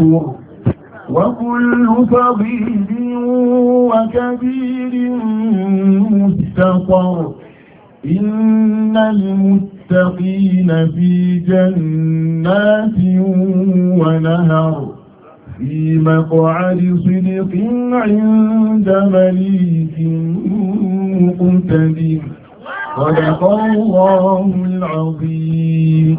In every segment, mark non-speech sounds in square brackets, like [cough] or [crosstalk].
يكفر وكل صغير وكبير مستقر إن المتقين في جنات ونهر في مقعد صدق عند مليك مقتدر صدق الله العظيم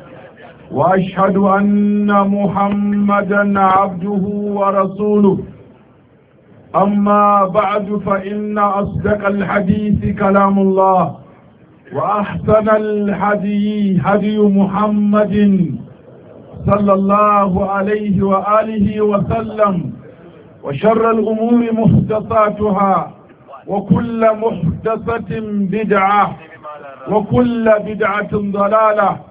وأشهد أن محمدا عبده ورسوله أما بعد فإن أصدق الحديث كلام الله وأحسن الحدي هدي محمد صلى الله عليه وآله وسلم وشر الأمور محدثاتها وكل محدثة بدعة وكل بدعة ضلالة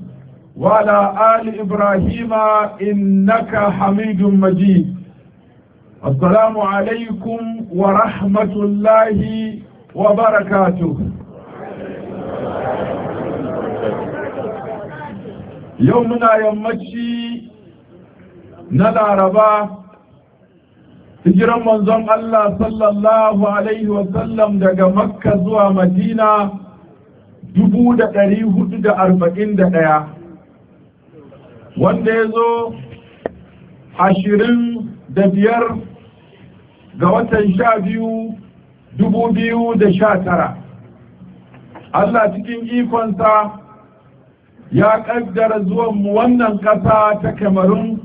وعلى آل إبراهيم إنك حميد مجيد السلام عليكم ورحمة الله وبركاته يومنا يمشي نلا ربا hijiran manzon Allah sallallahu Alaihi wasallam daga makka zuwa madina dubu da ɗari hudu da arba'in da ɗaya wanda ya zo ashirin da biyar ga watan sha biyu dubu biyu da sha tara Allah cikin ikonsa ya ƙaddara mu wannan ƙasa ta kamarun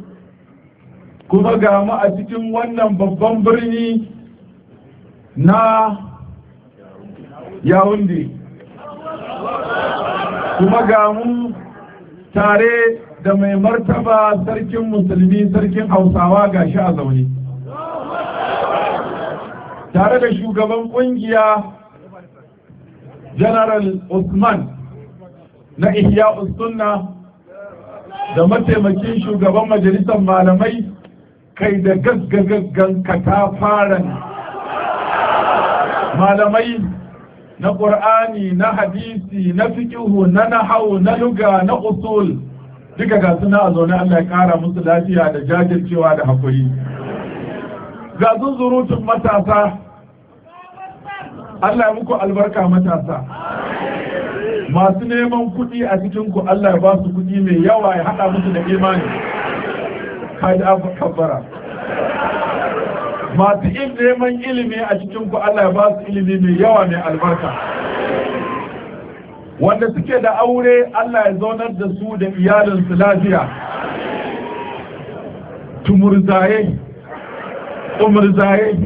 kuma ga mu a cikin wannan babban birni na yawundi kuma ga mu tare da mai martaba sarkin musulmi sarkin hausawa ga shi a zaune tare da shugaban kungiya general usman na ihya sunna da mataimakin shugaban majalisar malamai kai da gaggagaggan katafaren malamai na ƙur'ani na hadisi na fiƙihu na nahau na luga na usul duka ga suna a zaune Allah ya kara musu lafiya da jajircewa da haƙuri ga sun zurutun matasa Allah ya muku albarka matasa masu neman kuɗi a cikinku Allah ya ba su kuɗi mai yawa ya haɗa musu da imani kaji abu kabbara masu neman ilimi a cikinku Allah ya ba su ilimi mai yawa mai albarka wanda suke da aure Allah ya zaunar da su da iyalinsu lafiya tumurzaye umurzaye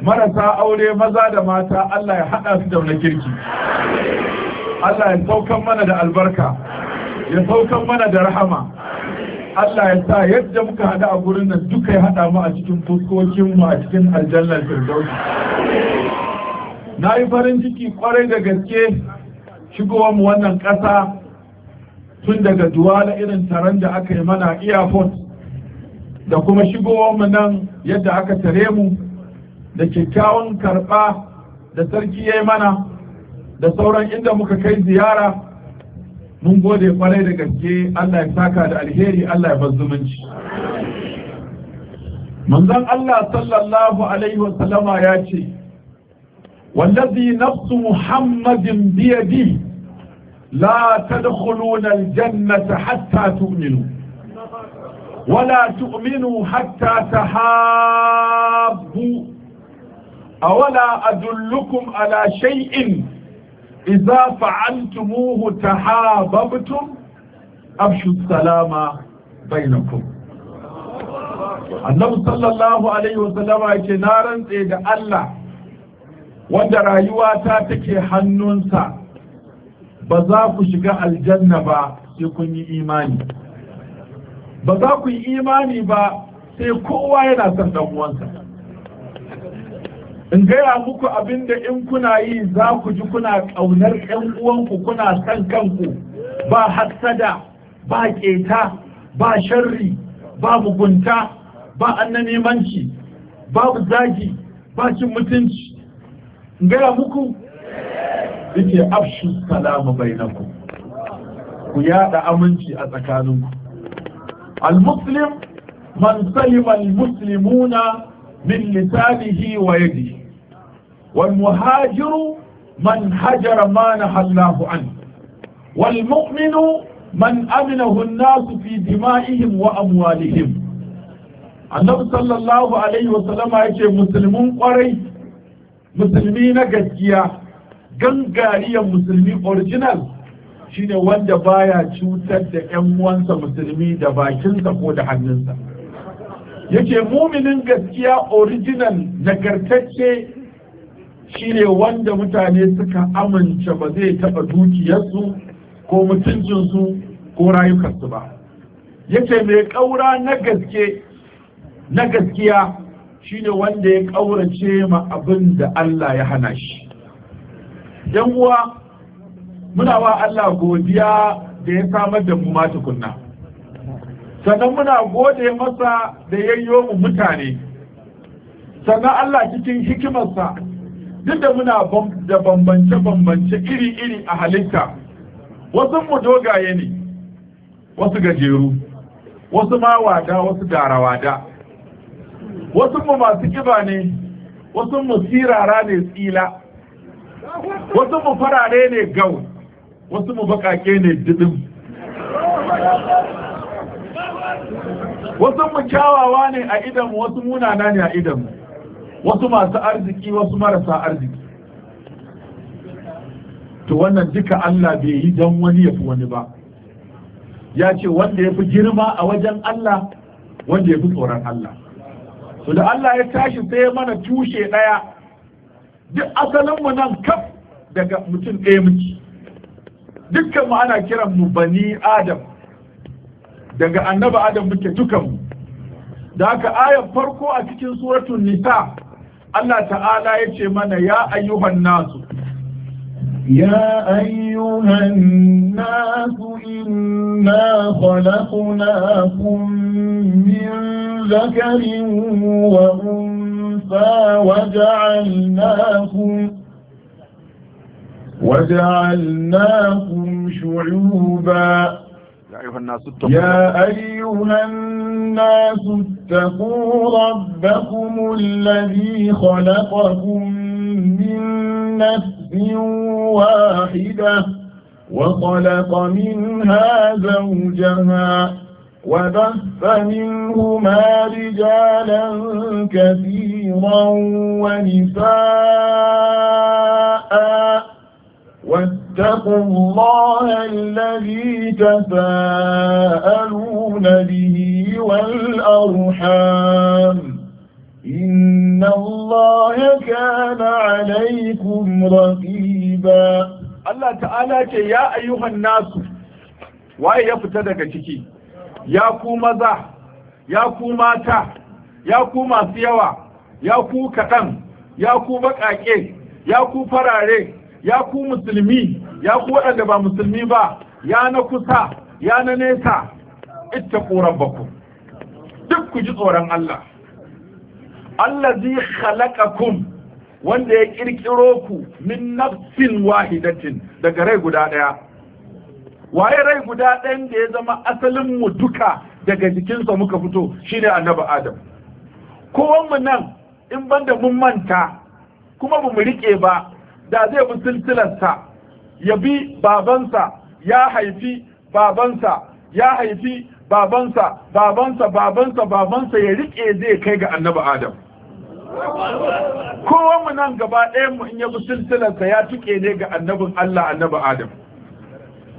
marasa aure maza da mata Allah ya haɗa su da wani kirki Allah ya saukan mana da albarka ya saukan mana da rahama Allah ya sa yadda muka haɗa a gurin nan duka ya haɗa mu a cikin fuskokin a cikin aljannar firdausi na yi farin ciki kwarai da gaske shigowar mu wannan ƙasa tun daga duwala irin taron da aka yi mana airport da kuma shigowar mu nan yadda aka tare mu da kyakkyawan karɓa da sarki ya yi mana da sauran inda muka kai ziyara mun gode kwarai da gaske Allah ya saka da alheri Allah ya bar zumunci manzon Allah sallallahu alaihi wasallama ya ce والذي نفس محمد بيده لا تدخلون الجنة حتى تؤمنوا ولا تؤمنوا حتى تحابوا أولا أدلكم على شيء إذا فعلتموه تحاببتم أبشوا السلام بينكم النبي صلى الله عليه وسلم يقول نارا إذا الله wanda rayuwa ta take hannunsa ba za ku shiga aljanna ba sai kun yi imani ba za ku yi imani ba sai kowa yana son damuwansa in gaya muku abinda in kuna yi za ku ji kuna ƙaunar ƴan uwanku kuna son kanku ba hassada ba ƙeta ba sharri ba mugunta ba annanimanci babu zagi ba cin mutunci gaya muku yake afshu salama bainakum ku yada aminci a tsakaninku al-muslim man salima al-muslimuna min lisanihi wa yadihi wal muhajiru man hajara ma nahallahu an wal mu'minu man aminahu an-nasu fi dima'ihim wa amwalihim annabi sallallahu alaihi wa sallama yake musulmin kwarai musulmi na gaskiya gangariyar musulmi original shine wanda baya cutar da 'yan uwansa musulmi da bakinsa ko da hannunsa yake muminin gaskiya original nagartacce shine wanda mutane suka amince ba zai taɓa dukiyarsu ko mutuncinsu ko rayukansu ba yake mai ƙaura na gaske na gaskiya Shi ne wanda ya ƙaurace ma abin da Allah ya hana shi yan uwa muna wa Allah godiya da ya samar da mu mata tukunna sannan muna gode masa da yayyo mu mutane sannan Allah cikin hikimarsa duk da muna da bambance-bambance iri-iri a halitta wasu mu dogaye ne wasu gajeru wasu ma wada wasu darawada wasu mu masu kiba ne wasu mu sirara ne tsila wasu mu farare ne gau wasu mu bakake ne didin wasu mu kyawawa ne a idan wasu munana ne a idan wasu masu arziki wasu marasa arziki to wannan duka Allah bai yi don wani ya fi wani ba ya ce wanda ya fi girma a wajen Allah wanda ya fi tsoron Allah Su da Allah ya tashi sai mana tushe ɗaya duk asalinmu nan kaf daga mutum ɗaya muke dukkan ana kiran mu bani adam daga annaba adam muke dukan mu da haka ayar farko a cikin suratul nisa Allah ta'ala ya ce mana ya ayyuhan nasu يا أيها الناس إنا خلقناكم من ذكر وأنثى وجعلناكم وجعلناكم شعوبا يا أيها الناس اتقوا ربكم الذي خلقكم من نفس واحدة وخلق منها زوجها وبث منهما رجالا كثيرا ونساء واتقوا الله الذي تساءلون به والأرحام إن الله كان عليكم رقيبا الله تعالى يا أيها الناس waye ya fita daga ciki ya ku maza ya ku mata ya ku masu yawa ya ku kaɗan ya ku baƙaƙe ya ku farare ya ku musulmi ya ku waɗanda ba musulmi ba ya na kusa ya na nesa ita ƙoran baku duk ku ji tsoron Allah allazi khalaqakum wanda ya kirkiro ku min nafsin wahidatin daga rai guda daya waye rai guda ɗayan da ya zama asalin mu duka daga jikinsa muka fito shine annabi adam kowan mu nan in banda mun manta kuma ba mu rike ba da zai bi silsilarsa ya bi babansa ya haifi babansa ya haifi babansa babansa babansa babansa ya rike zai kai ga annabi adam kowa mu nan gaba ɗaya mu in ya silsilarsa ya tuke ne ga annabin Allah annabi adam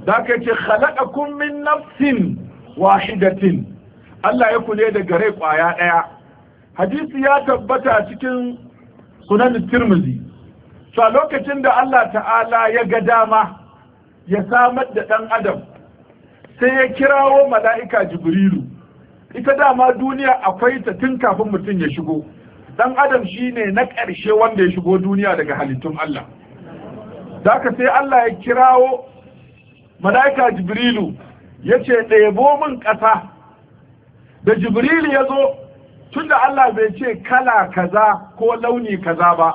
da ka ce khalaqakum min nafsin wahidatin Allah ya kule da gare kwaya ɗaya hadisi ya tabbata cikin sunan tirmizi so lokacin da Allah ta'ala ya ga dama ya samar da ɗan adam sai ya kirawo mala'ika jibrilu ita dama duniya akwai ta tun kafin mutum ya shigo dan adam shine na ƙarshe wanda ya shigo duniya daga halittun Allah Daka sai Allah ya kirawo mala'ika jibrilu ya ce ɗebo min ƙasa da jibrilu ya zo tun da Allah bai ce kala kaza ko launi kaza ba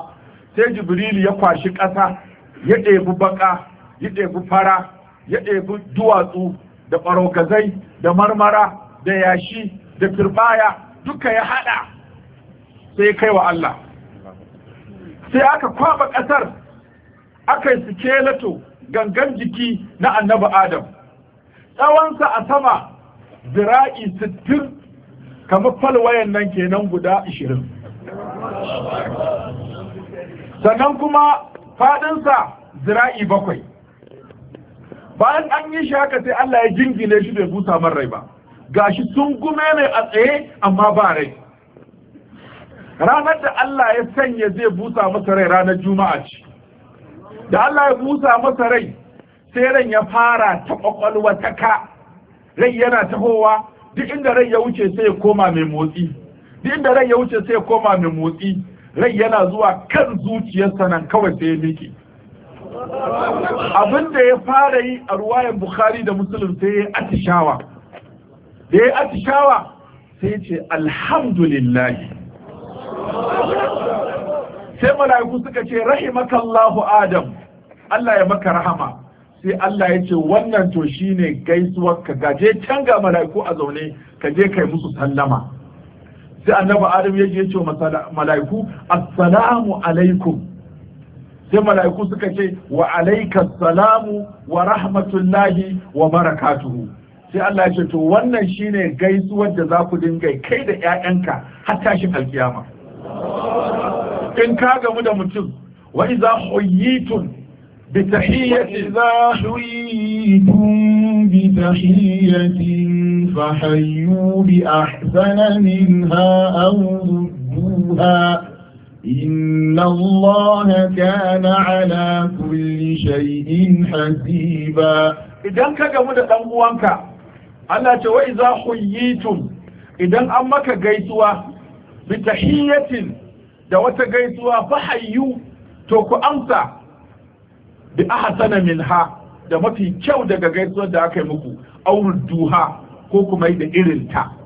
sai jibrilu ya kwashi ƙasa ya ɗebi baƙa ya ɗebi fara ya ɗebi duwatsu da ɓaraukazai da marmara da yashi da turbaya duka ya haɗa sai kai wa Allah sai aka kwaba ƙasar aka yi sikelato gangan jiki na annabi adam tsawonsa a sama zira'i sittin kamar falwayan nan kenan guda ashirin sannan kuma faɗinsa zira'i bakwai bayan an yi shi haka sai Allah ya jingine shi bai busa man rai ba gashi sun gume ne a tsaye amma ba rai ranar da Allah ya sanya zai busa masa rai ranar juma'a ce da Allah ya busa masa rai sai ran ya fara ta kwakwalwa ta ka rai yana tahowa duk inda rai ya wuce sai ya koma mai motsi duk inda rai ya wuce sai ya koma mai motsi rai yana zuwa kan zuciyarsa nan kawai sai ya miƙe abin da ya fara yi a ruwayan bukhari da musulun sai ya atishawa da ya atishawa sai ce alhamdulillahi sai mala'iku suka ce rahimakallahu adam Allah ya maka rahama sai Allah ya ce wannan to ne gaisuwar ka gaje can ga mala'iku a zaune ka je kai musu sallama sai annabi adam ya je ce mala'iku assalamu alaikum sai mala'iku suka ce wa alaika salamu wa rahmatullahi wa barakatuhu sai Allah ya ce to wannan shine gaisuwar da za ku dinga kai da ƴaƴanka har tashin alkiyama in ka gamu da mutum wa idza huyitun bi tahiyyatin idza huyitun bi tahiyyatin fahayyu bi ahsana minha aw rudduha إن الله كان على كل شيء حسيبا إذن كجمد أنقوانك ألا توإذا حييتم إذن أمك قيتوا بتحية دوت قيتوا فحيوا توكو أمسا بأحسن منها دمتي mafi kyau داك مكو أو ردوها كوكو ميد aurduha ko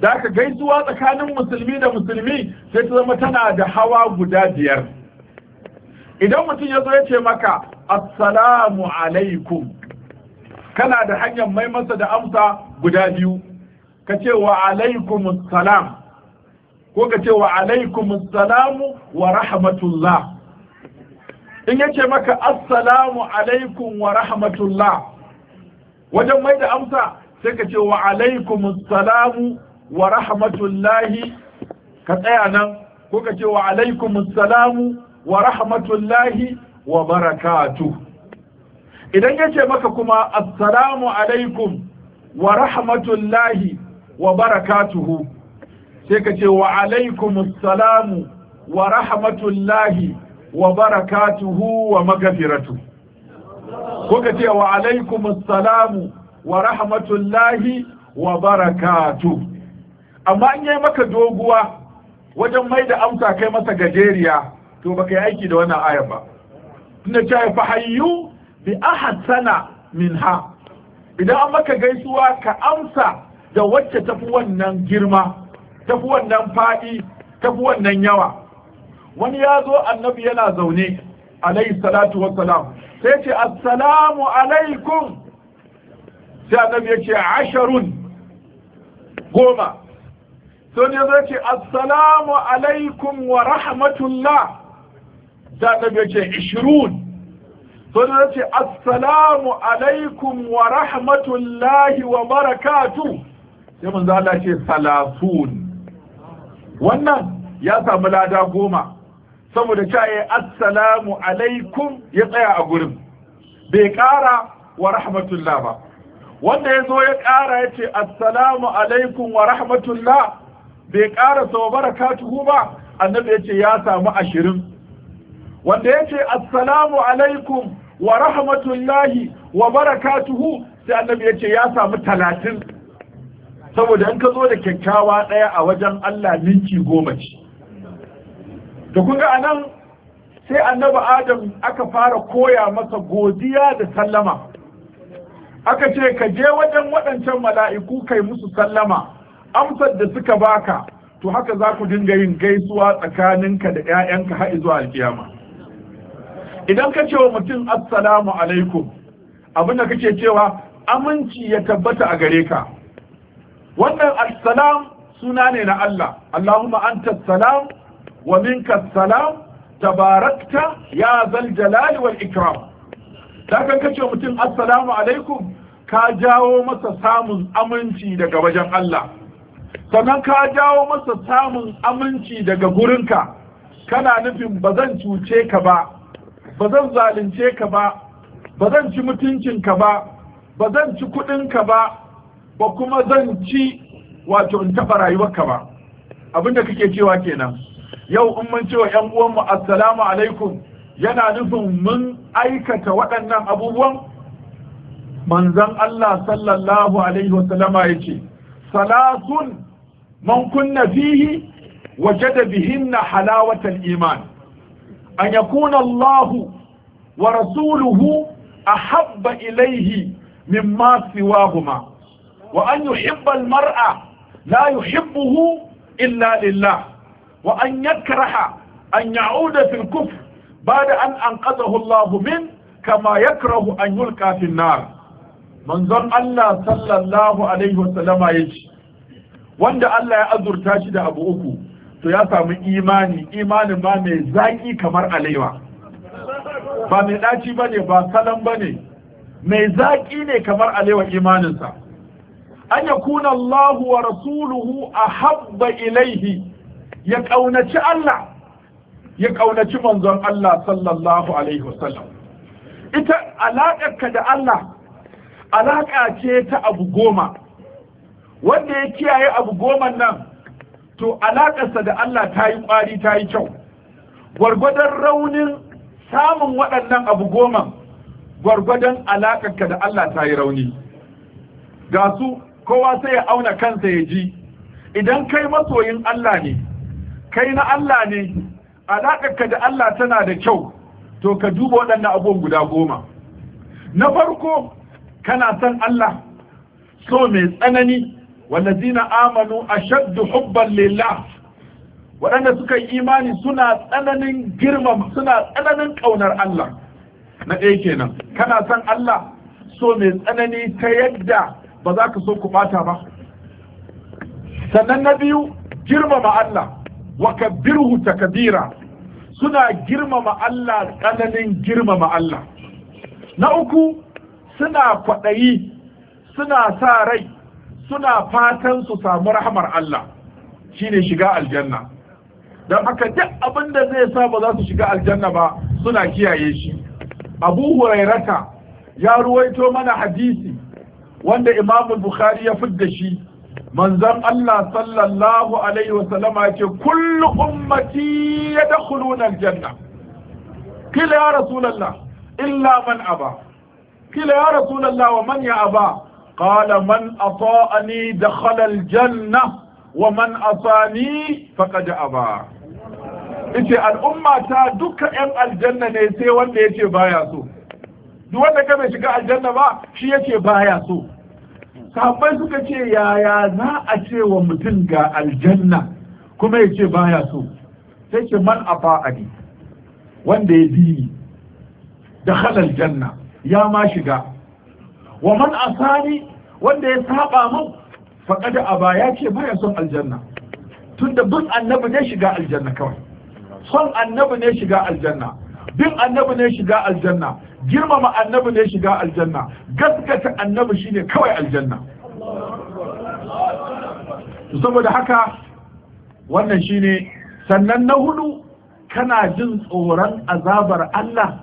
da aka gaisuwa tsakanin musulmi da musulmi sai ta zama tana da hawa guda biyar idan mutum ya zo ya ce maka assalamu alaikum kana da hanyar mai masa da amsa guda biyu ka ce wa alaikum salam ko ka ce wa alaikum salamu wa rahmatullah in ya ce maka assalamu alaikum wa rahmatullah wajen mai da amsa sai ka ce wa alaikum salamu wa rahmatullahi ka tsaya nan ko ka ce wa alaikumus salamu wa rahmatullahi wa barakatu idan ya ce maka kuma assalamu alaikum wa rahmatullahi wa barakatuhu sai ka ce wa alaikumus salamu wa rahmatullahi wa barakatuhu wa magafiratu ko ka ce wa alaikumus salamu wa rahmatullahi wa barakatuhu amma an yi maka doguwa wajen mai da amsa kai masa gajeriya to baka yi aiki da wannan ayar ba tunda cewa fa hayyu bi ahsana minha idan an maka gaisuwa ka amsa da wacce tafi wannan girma tafi wannan fadi tafi wannan yawa wani ya zo annabi yana zaune alayhi salatu wa salam sai ce assalamu alaikum sai annabi ya ce asharun goma sun ya zai ce assalamu alaikum wa rahmatullah ta ɗaga ce ishirun sun zai ce assalamu alaikum wa rahmatullahi wa barakatu ya manzo Allah ce salafun wannan ya samu lada goma saboda ta yi assalamu alaikum ya tsaya a gurin bai ƙara wa rahmatullah ba wanda ya zo ya ƙara ya ce assalamu alaikum wa rahmatullah bai ƙara sau tuhu ba annabi yace ya samu ashirin wanda yace assalamu alaikum wa rahmatullahi wa barakatuhu sai annabi yace ya samu talatin saboda in ka zo da kyakkyawa ɗaya a wajen Allah minti goma ce da kun ga anan sai annabi adam aka fara koya masa godiya da sallama aka ce ka je wajen waɗancan mala'iku kai musu sallama amsar da suka baka to haka za ku dinga yin gaisuwa tsakaninka da 'ya'yanka har zuwa alkiyama idan ka ce wa mutum assalamu alaikum abin da kake cewa aminci ya tabbata a gare ka wannan assalam suna ne na Allah Allahumma anta salam wa minka salam tabarakta ya zal jalali wal ikram dakan kace mutum assalamu alaikum ka jawo masa samun aminci daga wajen Allah sannan ka jawo masa samun aminci daga gurinka kana nufin ba zan cuce ka ba ba zan zalunce ka ba ba zan ci mutuncinka ba ba zan ci kuɗinka ba ba kuma zan ci wato in taɓa rayuwarka ba abinda kake cewa kenan yau in mun cewa yan uwanmu assalamu alaikum yana nufin mun aikata waɗannan abubuwan manzon Allah sallallahu alaihi wasallama ya ce ثلاث من كن فيه وجد بهن حلاوة الإيمان أن يكون الله ورسوله أحب إليه مما سواهما وأن يحب المرأة لا يحبه إلا لله وأن يكره أن يعود في الكفر بعد أن أنقذه الله منه كما يكره أن يلقى في النار منظر الله صلى الله عليه وسلم يجي wanda Allah ya azurta shi da abu uku to ya samu imani imanin ba mai zaki kamar alewa ba mai daci bane ba salon bane mai zaki ne kamar alewa imaninsa an kuna Allah wa rasuluhu habba ilaihi ya kaunaci Allah ya kaunaci manzon Allah sallallahu alaihi wasallam ita alaƙarka da Allah alaƙa ce ta abu goma wanda ya kiyaye abu goman nan to alaƙarsa da Allah ta yi ƙwari ta yi kyau gwargwadon raunin samun waɗannan abu goman gwargwadon alaƙarka da Allah ta yi rauni ga su kowa sai ya auna kansa ya ji idan kai masoyin Allah ne kai na Allah ne alaƙarka da Allah tana da kyau to ka duba waɗannan abubuwan guda goma na farko kana san Allah so mai tsanani wallazina amanu ashaddu hubban lillah waɗanda suka yi imani suna tsananin girma suna tsananin ƙaunar Allah na ɗaya kenan kana son Allah so mai tsanani ta yadda ba za ka so ku ɓata ba sannan na biyu girmama Allah wa kabbirhu Kabira suna girmama Allah tsananin girmama Allah na uku suna kwaɗayi suna sa rai suna fatan su samu rahmar Allah shine shiga aljanna don haka duk abin da zai sa ba za su shiga aljanna ba suna kiyaye shi abu hurairata ya ruwaito mana hadisi wanda imamu bukhari ya fidda shi manzon Allah sallallahu alaihi ya ce kullu ummati yadkhuluna aljanna kila ya rasulullah illa man aba kila ya rasulullah wa man ya aba قال من أطاءني دخل الجنة ومن أطاني فقد أبى yace al'umma ta duka 'yan aljanna ne sai wanda yace baya so duk wanda ka bai shiga aljanna ba shi yace baya so sahabbai suka ce yaya za a ce wa mutum ga aljanna kuma yace baya so sai ce man afa'ani wanda ya bi da halal janna ya ma shiga wa man asani wanda ya saba mu faqad aba ya ce baya son aljanna tunda duk annabi ne shiga aljanna kawai son annabi ne shiga aljanna bin annabi ne shiga aljanna girmama annabi ne shiga aljanna gaskata annabi shine kawai aljanna saboda haka wannan shine sannan na hudu kana jin tsoron azabar Allah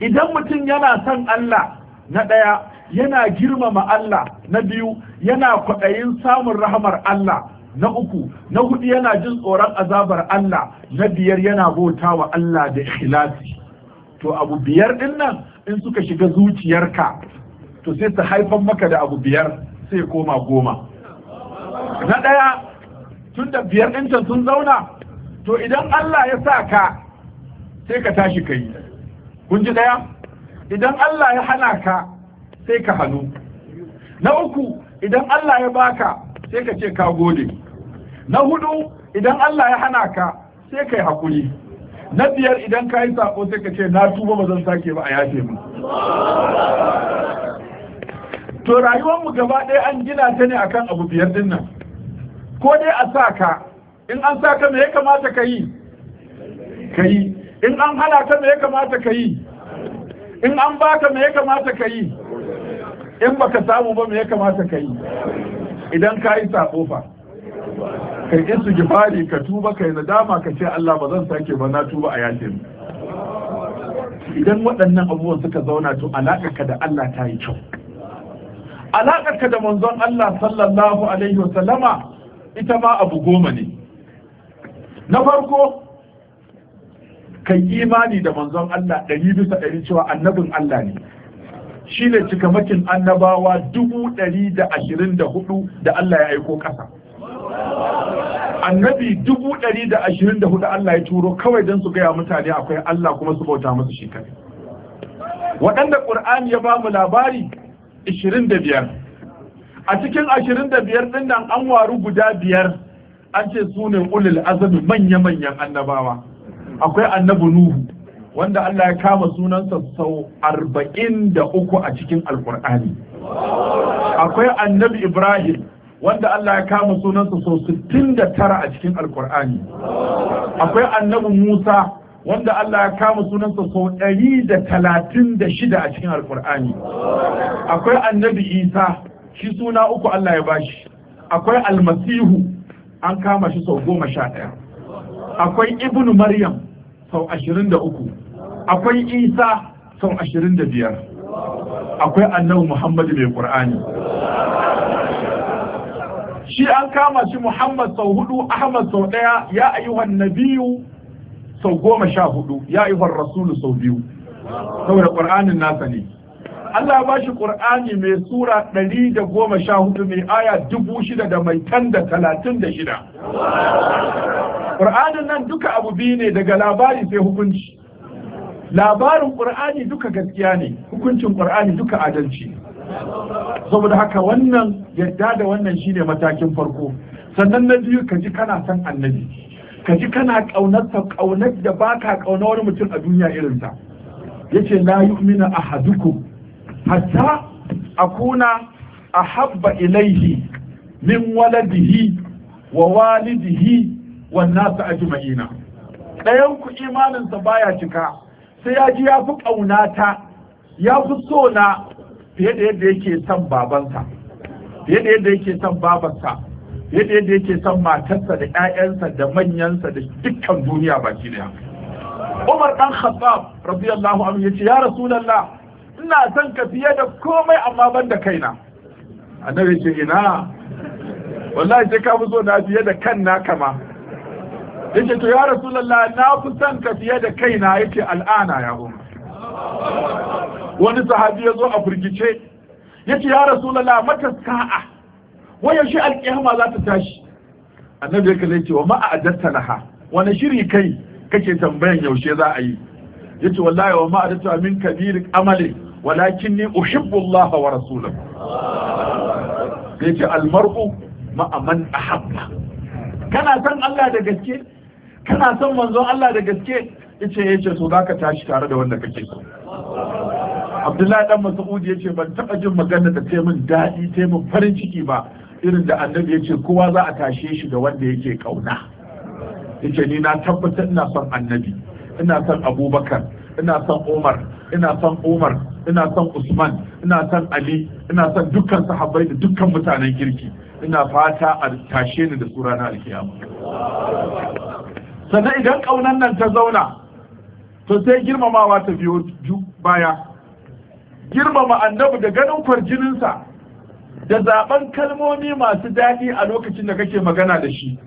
idan mutum yana son Allah na ɗaya yana girmama Allah na biyu yana kwaɗayin samun rahamar Allah na uku na hudu yana jin tsoron azabar Allah na biyar yana bauta wa Allah da ikhlasi to abu biyar din nan in suka shiga zuciyarka to sai ta haifan maka da abu biyar sai koma goma na ɗaya tun da biyar ɗin sun zauna to idan Allah ya sa ka sai ka tashi ka yi kun ji ɗaya idan Allah ya hana ka sai ka hannu na uku idan Allah ya baka sai ka ce ka gode na hudu idan Allah ya hana ka sai ka yi hakuri na biyar idan ka yi sako sai ka ce na tuba ba zan sake ba a yafe mu to rayuwar mu gaba ɗaya an gina ta ne akan abu biyar din nan ko dai a sa ka in an sa ka me ya kamata ka yi ka yi in an hana ka me ya kamata ka yi in an baka me ya kamata ka yi in baka samu ba me ya kamata ka yi idan ka yi sabo fa ka yi su gifari ka tuba ka nadama ka ce Allah ba zan sake ba na tuba a yakin idan waɗannan abubuwan suka zauna to alaƙarka da Allah ta yi kyau alaƙarka da manzon Allah sallallahu alaihi wa sallama ita ma abu goma ne na farko kai imani da manzon Allah ɗari bisa ɗari cewa annabin Allah ne Shi shine cikamakin annabawa dubu ɗari da ashirin da hudu da Allah ya aiko ƙasa annabi dubu ɗari da ashirin da hudu Allah ya turo kawai don su gaya mutane akwai Allah kuma su bauta musu shi waɗanda ƙur'ani ya ba mu labari ashirin da biyar a cikin ashirin da biyar ɗin nan an waru guda biyar an ce su ne ulul azami manya-manyan annabawa akwai annabi nuhu wanda Allah ya kama sunansa sau arba'in da uku a cikin alkur'ani akwai annabi ibrahim wanda Allah ya kama sunansa sau sittin da tara a cikin alkur'ani akwai annabi musa wanda Allah ya kama sunansa sau ɗari da talatin da shida a cikin alkur'ani akwai annabi isa shi suna uku Allah ya bashi akwai almasihu an kama shi sau goma sha ɗaya akwai ibnu maryam sau ashirin da uku akwai isa sau ashirin da biyar akwai annabi muhammadu mai ƙur'ani shi an kama shi muhammad sau hudu ahmad sau ɗaya ya ayyuhan nabiyu sau goma sha hudu ya ayyuhan rasulu sau biyu saboda ƙur'anin nasa ne Allah ba shi Qur'ani mai sura 114 mai aya 6000 da mai tan da 36 Qur'anin nan duka abu biyu ne daga labari sai hukunci labarin Qur'ani duka gaskiya ne hukuncin Qur'ani duka adalci saboda haka wannan yadda da wannan shine matakin farko sannan na biyu ka ji kana son annabi ka ji kana ƙaunarsa ƙaunar da baka ƙauna wani mutum a duniya irinsa yace la yu'minu ahadukum hatta akuna habba ilaihi min waladihi wa walidihi wa nasu ajma'ina ɗayan ku imaninsa baya cika sai ya ji ya fi ƙaunata ya fi so na fiye da yadda yake son babansa fiye yadda yake son babansa fiye yadda yake son matarsa da 'ya'yansa da manyansa da dukkan duniya baki daya Umar ɗan Khattab radiyallahu anhu yace ya Rasulullah ina son ka fiye da komai amma ban da kaina annabi ce ina wallahi sai ka fi so na fiye da kan na kama yace to ya rasulullah na fi son ka fiye da kaina yake al'ana ya goma. wani sahabi ya zo a firgice yace ya rasulullah mata sa'a wayan shi alƙiyama za ta tashi annabi ya kalle ce wa ma ajatta laha wani shiri kai kake tambayan yaushe za a yi yace wallahi wa ma ajatta min kabir amali walakin ni uhibbullaha wa rasulahu yace almar'u ma'a man ahabba kana san Allah da gaske kana san manzon Allah da gaske yace yace so zaka tashi tare da wanda kake so Abdullahi dan Mas'ud yace ban taba jin magana da ta min dadi ta min farin ciki ba irin da annabi yace kowa za a tashe shi da wanda yake kauna yace ni na tabbatar ina son annabi ina son Abubakar ina son Umar ina son Umar ina son Usman ina son Ali ina son dukkan sahabbai da dukkan mutanen kirki ina fata a tashe ni da su na alkiyama sannan idan kaunan nan ta zauna to sai girmamawa ta biyo baya girmama annabi da ganin kwarjininsa da zaben kalmomi masu daɗi a lokacin da kake magana da shi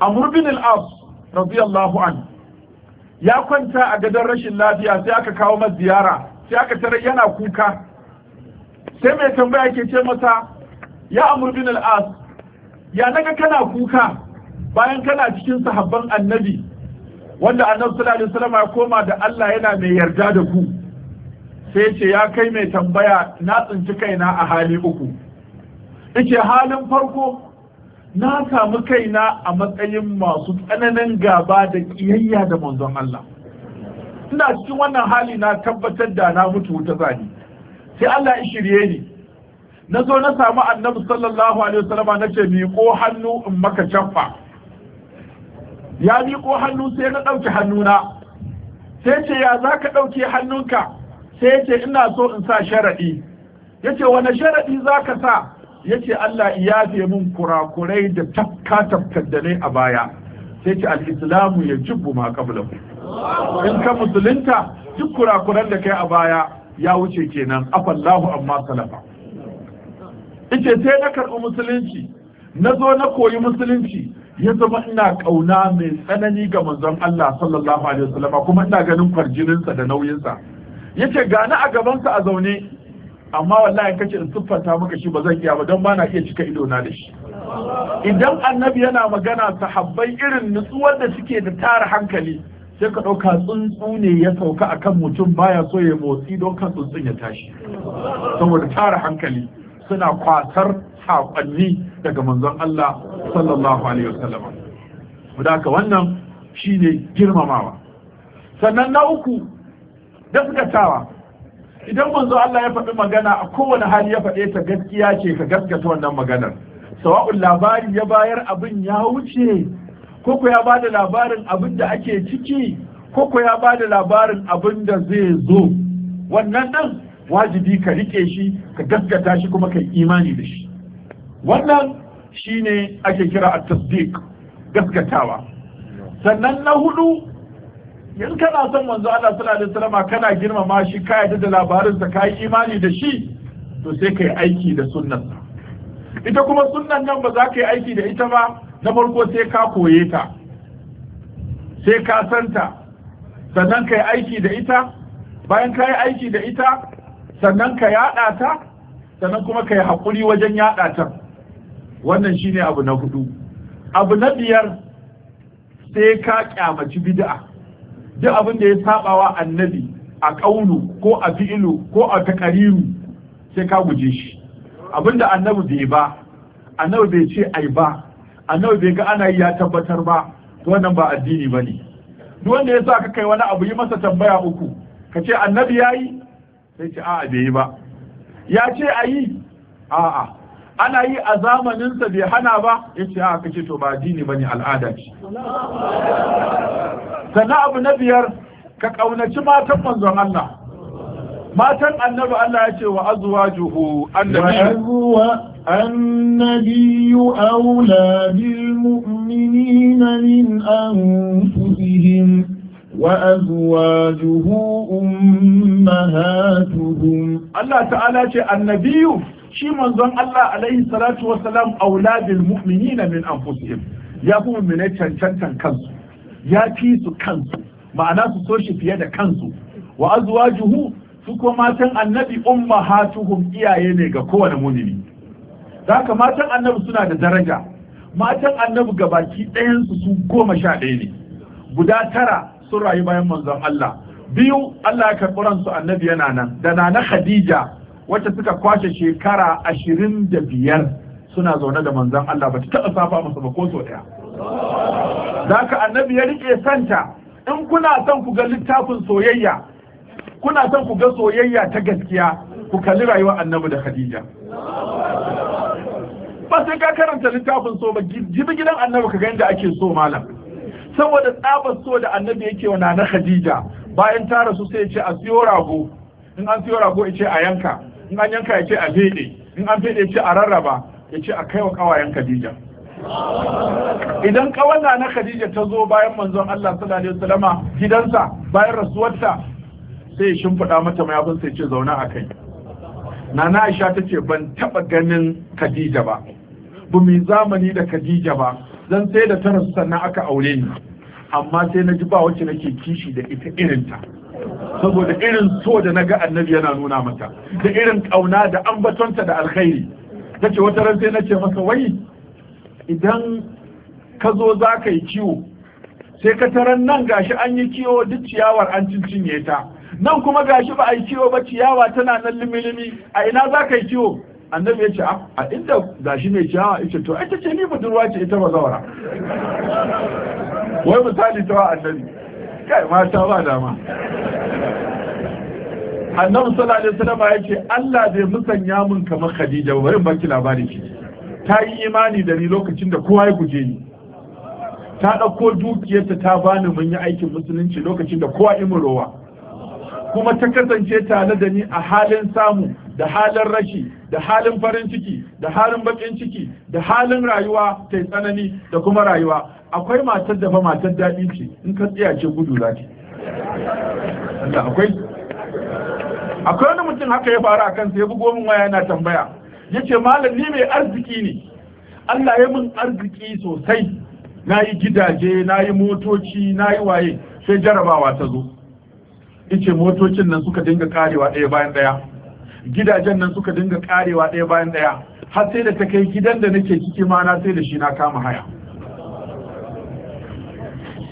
amrubinul bin al-as radiyallahu anhu ya kwanta a gadon rashin lafiya sai aka kawo masa ziyara sai aka tarar yana kuka sai mai tambaya ke ce masa ya amur bin al'as ya naga kana kuka bayan kana cikin sahabban annabi wanda annabi sallallahu alaihi wasallam ya koma da Allah yana mai yarda da ku sai ce ya kai mai tambaya na tsinci kaina a hali uku yace halin farko na samu kaina a matsayin masu tsananin gaba da ƙiyayya da manzon Allah ina cikin wannan hali na tabbatar da na mutu wuta zani sai Allah ya shirye ni na zo na samu annabi sallallahu alaihi wasallam na ce miƙo hannu in maka canfa. ya miƙo hannu sai na ɗauki hannuna sai ce ya za ka ɗauke hannunka sai ce ina so in sa sharaɗi ya ce wane sharaɗi za ka sa yace Allah ya mun kurakurai da tafka tafka da a baya sai ce al-islamu yajibu ma qablahu in ka musulunta duk kurakuran da kai a baya ya wuce kenan afallahu amma salafa ice sai na karɓi musulunci na zo na koyi musulunci ya zama ina ƙauna mai tsanani ga manzon Allah sallallahu alaihi wasallam kuma ina ganin kwarjininsa da nauyinsa yace gani a gabansa a zaune amma wallahi kace in siffanta maka shi ba zan iya ba don ba na iya cika ido na da shi idan annabi yana magana sahabbai irin nutsuwar da suke da tara hankali sai ka ɗauka tsuntsu ne ya sauka akan mutum baya so ya motsi don kan tsuntsun ya tashi saboda tara hankali suna kwatar saƙonni daga manzon Allah sallallahu alaihi wasallam haka wannan shine girmamawa sannan na uku da suka tawa idan manzo Allah ya faɗi magana a kowane hali ya faɗe ta gaskiya ce ka gaskata wannan maganar sawa'un labari ya bayar abin ya wuce ko ku ya bada labarin abin da ake ciki ko ku ya bada labarin abin da zai zo wannan nan wajibi ka rike shi ka gaskata shi kuma ka yi imani da shi wannan shine ake kira at-tasdiq gaskatawa sannan na hudu in kana son manzo Allah sallallahu alaihi wasallam kana girmama shi ka yarda da labarin sa kai imani da shi to sai kai aiki da sunnan ita kuma sunnan nan ba za ka yi aiki da ita ba na farko sai ka koye ta sai ka santa sannan ka yi aiki da ita bayan ka yi aiki da ita sannan ka yaɗa ta sannan kuma ka yi haƙuri wajen yaɗa ta wannan shine abu na hudu abu na biyar sai ka kyamaci bid'a duk abin da ya wa annabi a ƙaunu ko a fi'ilu ko a takariru sai ka guje shi abin da annabi bai ba annabi bai ce ai ba annabi bai ga ana yi ya tabbatar ba wannan ba addini ba ne duk wanda ya sa ka kai wani abu yi masa tambaya uku ka ce annabi ya yi sai ce a'a bai yi ba ya ce a yi a'a ana yi a zamaninsa bai hana ba in ce ah, ce to ba addini ba ne al'ada ce sannan abu na biyar ka ƙaunaci matan manzon Allah matan annabi Allah ya ce wa azwajuhu annabi النبي أولى بالمؤمنين من أنفسهم وأزواجه Allah الله ce Annabiyu. shi manzon Allah alaihi salatu wassalam auladil mu'minina min anfusihim ya fi mu'minai cancantan kansu ya fi su kansu ma'ana su so shi fiye da kansu wa azwajuhu su ko matan annabi ummahatuhum iyaye ne ga kowane mumini haka matan annabi suna da daraja matan annabi gabaki ɗayansu su goma sha ɗaya ne guda tara sun rayu bayan manzon Allah biyu Allah ya karɓi ransu annabi yana nan da na Khadija wacce suka kwashe shekara ashirin da biyar suna zaune da manzan Allah ba ta taɓa safa masa ba ko so ɗaya za ka annabi ya riƙe santa in kuna son ku ga littafin soyayya kuna son ku ga soyayya ta gaskiya ku kalli rayuwar annabi da khadija ba sai ka karanta littafin so ba jibi gidan annabi ka ga yadda ake so malam saboda tsabar so da annabi yake wa na khadija bayan ta rasu sai ya ce a siyo rago in an siyo rago ya ce a yanka in an yanka ya ce a fede in an fede ce a rarraba ya ce a kai wa kawayen Khadija idan kawanna na Khadija ta zo bayan manzon Allah sallallahu alaihi wasallama gidansa bayan rasuwarta sai ya shimfiɗa mata mayafin sai ce zauna a kai nana Aisha ta ce ban taɓa ganin Khadija ba bu zamani da Khadija ba zan sai da ta rasu sannan aka aure ni amma sai na ji ba wacce nake kishi da ita irinta saboda irin so da na ga annabi yana nuna mata da irin ƙauna da ambatonta da alkhairi ta ce wata ran sai na ce masa wai idan ka zo za ka yi kiwo sai ka taran nan gashi an yi kiwo duk ciyawar an cincinye ta nan kuma gashi ba a yi kiwo ba ciyawa tana nan limi a ina za ka yi kiwo annabi ya ce ah, a inda gashi mai ciyawa ita to ai ce ni budurwa ce ita ba zawara wai misali ta wa annabi kai mata ba dama annabi sallallahu alaihi wasallam ya ce Allah zai musanya mun kamar Khadija bari baki labari ki ta yi imani da ni lokacin da kowa ya guje ni ta dauko dukiyarta ta bani mun yi aikin musulunci lokacin da kowa ya murowa kuma ta kasance tare da ni a halin samu da halin rashi da halin farin ciki da halin bakin ciki da halin rayuwa ta tsanani da kuma rayuwa akwai matar da fa matar daɗi ce in ka tsaya ce gudu za ki akwai wani mutum haka ya faru a kansa ya bugo min waya yana tambaya Ya ce malam ni mai arziki ne Allah ya min arziki sosai na yi gidaje na yi motoci na yi waye sai jarabawa ta zo ice motocin nan suka dinga karewa ɗaya bayan ɗaya gidajen nan suka dinga karewa ɗaya bayan ɗaya har sai da ta kai gidan da nake ciki ma na sai da shi na kama haya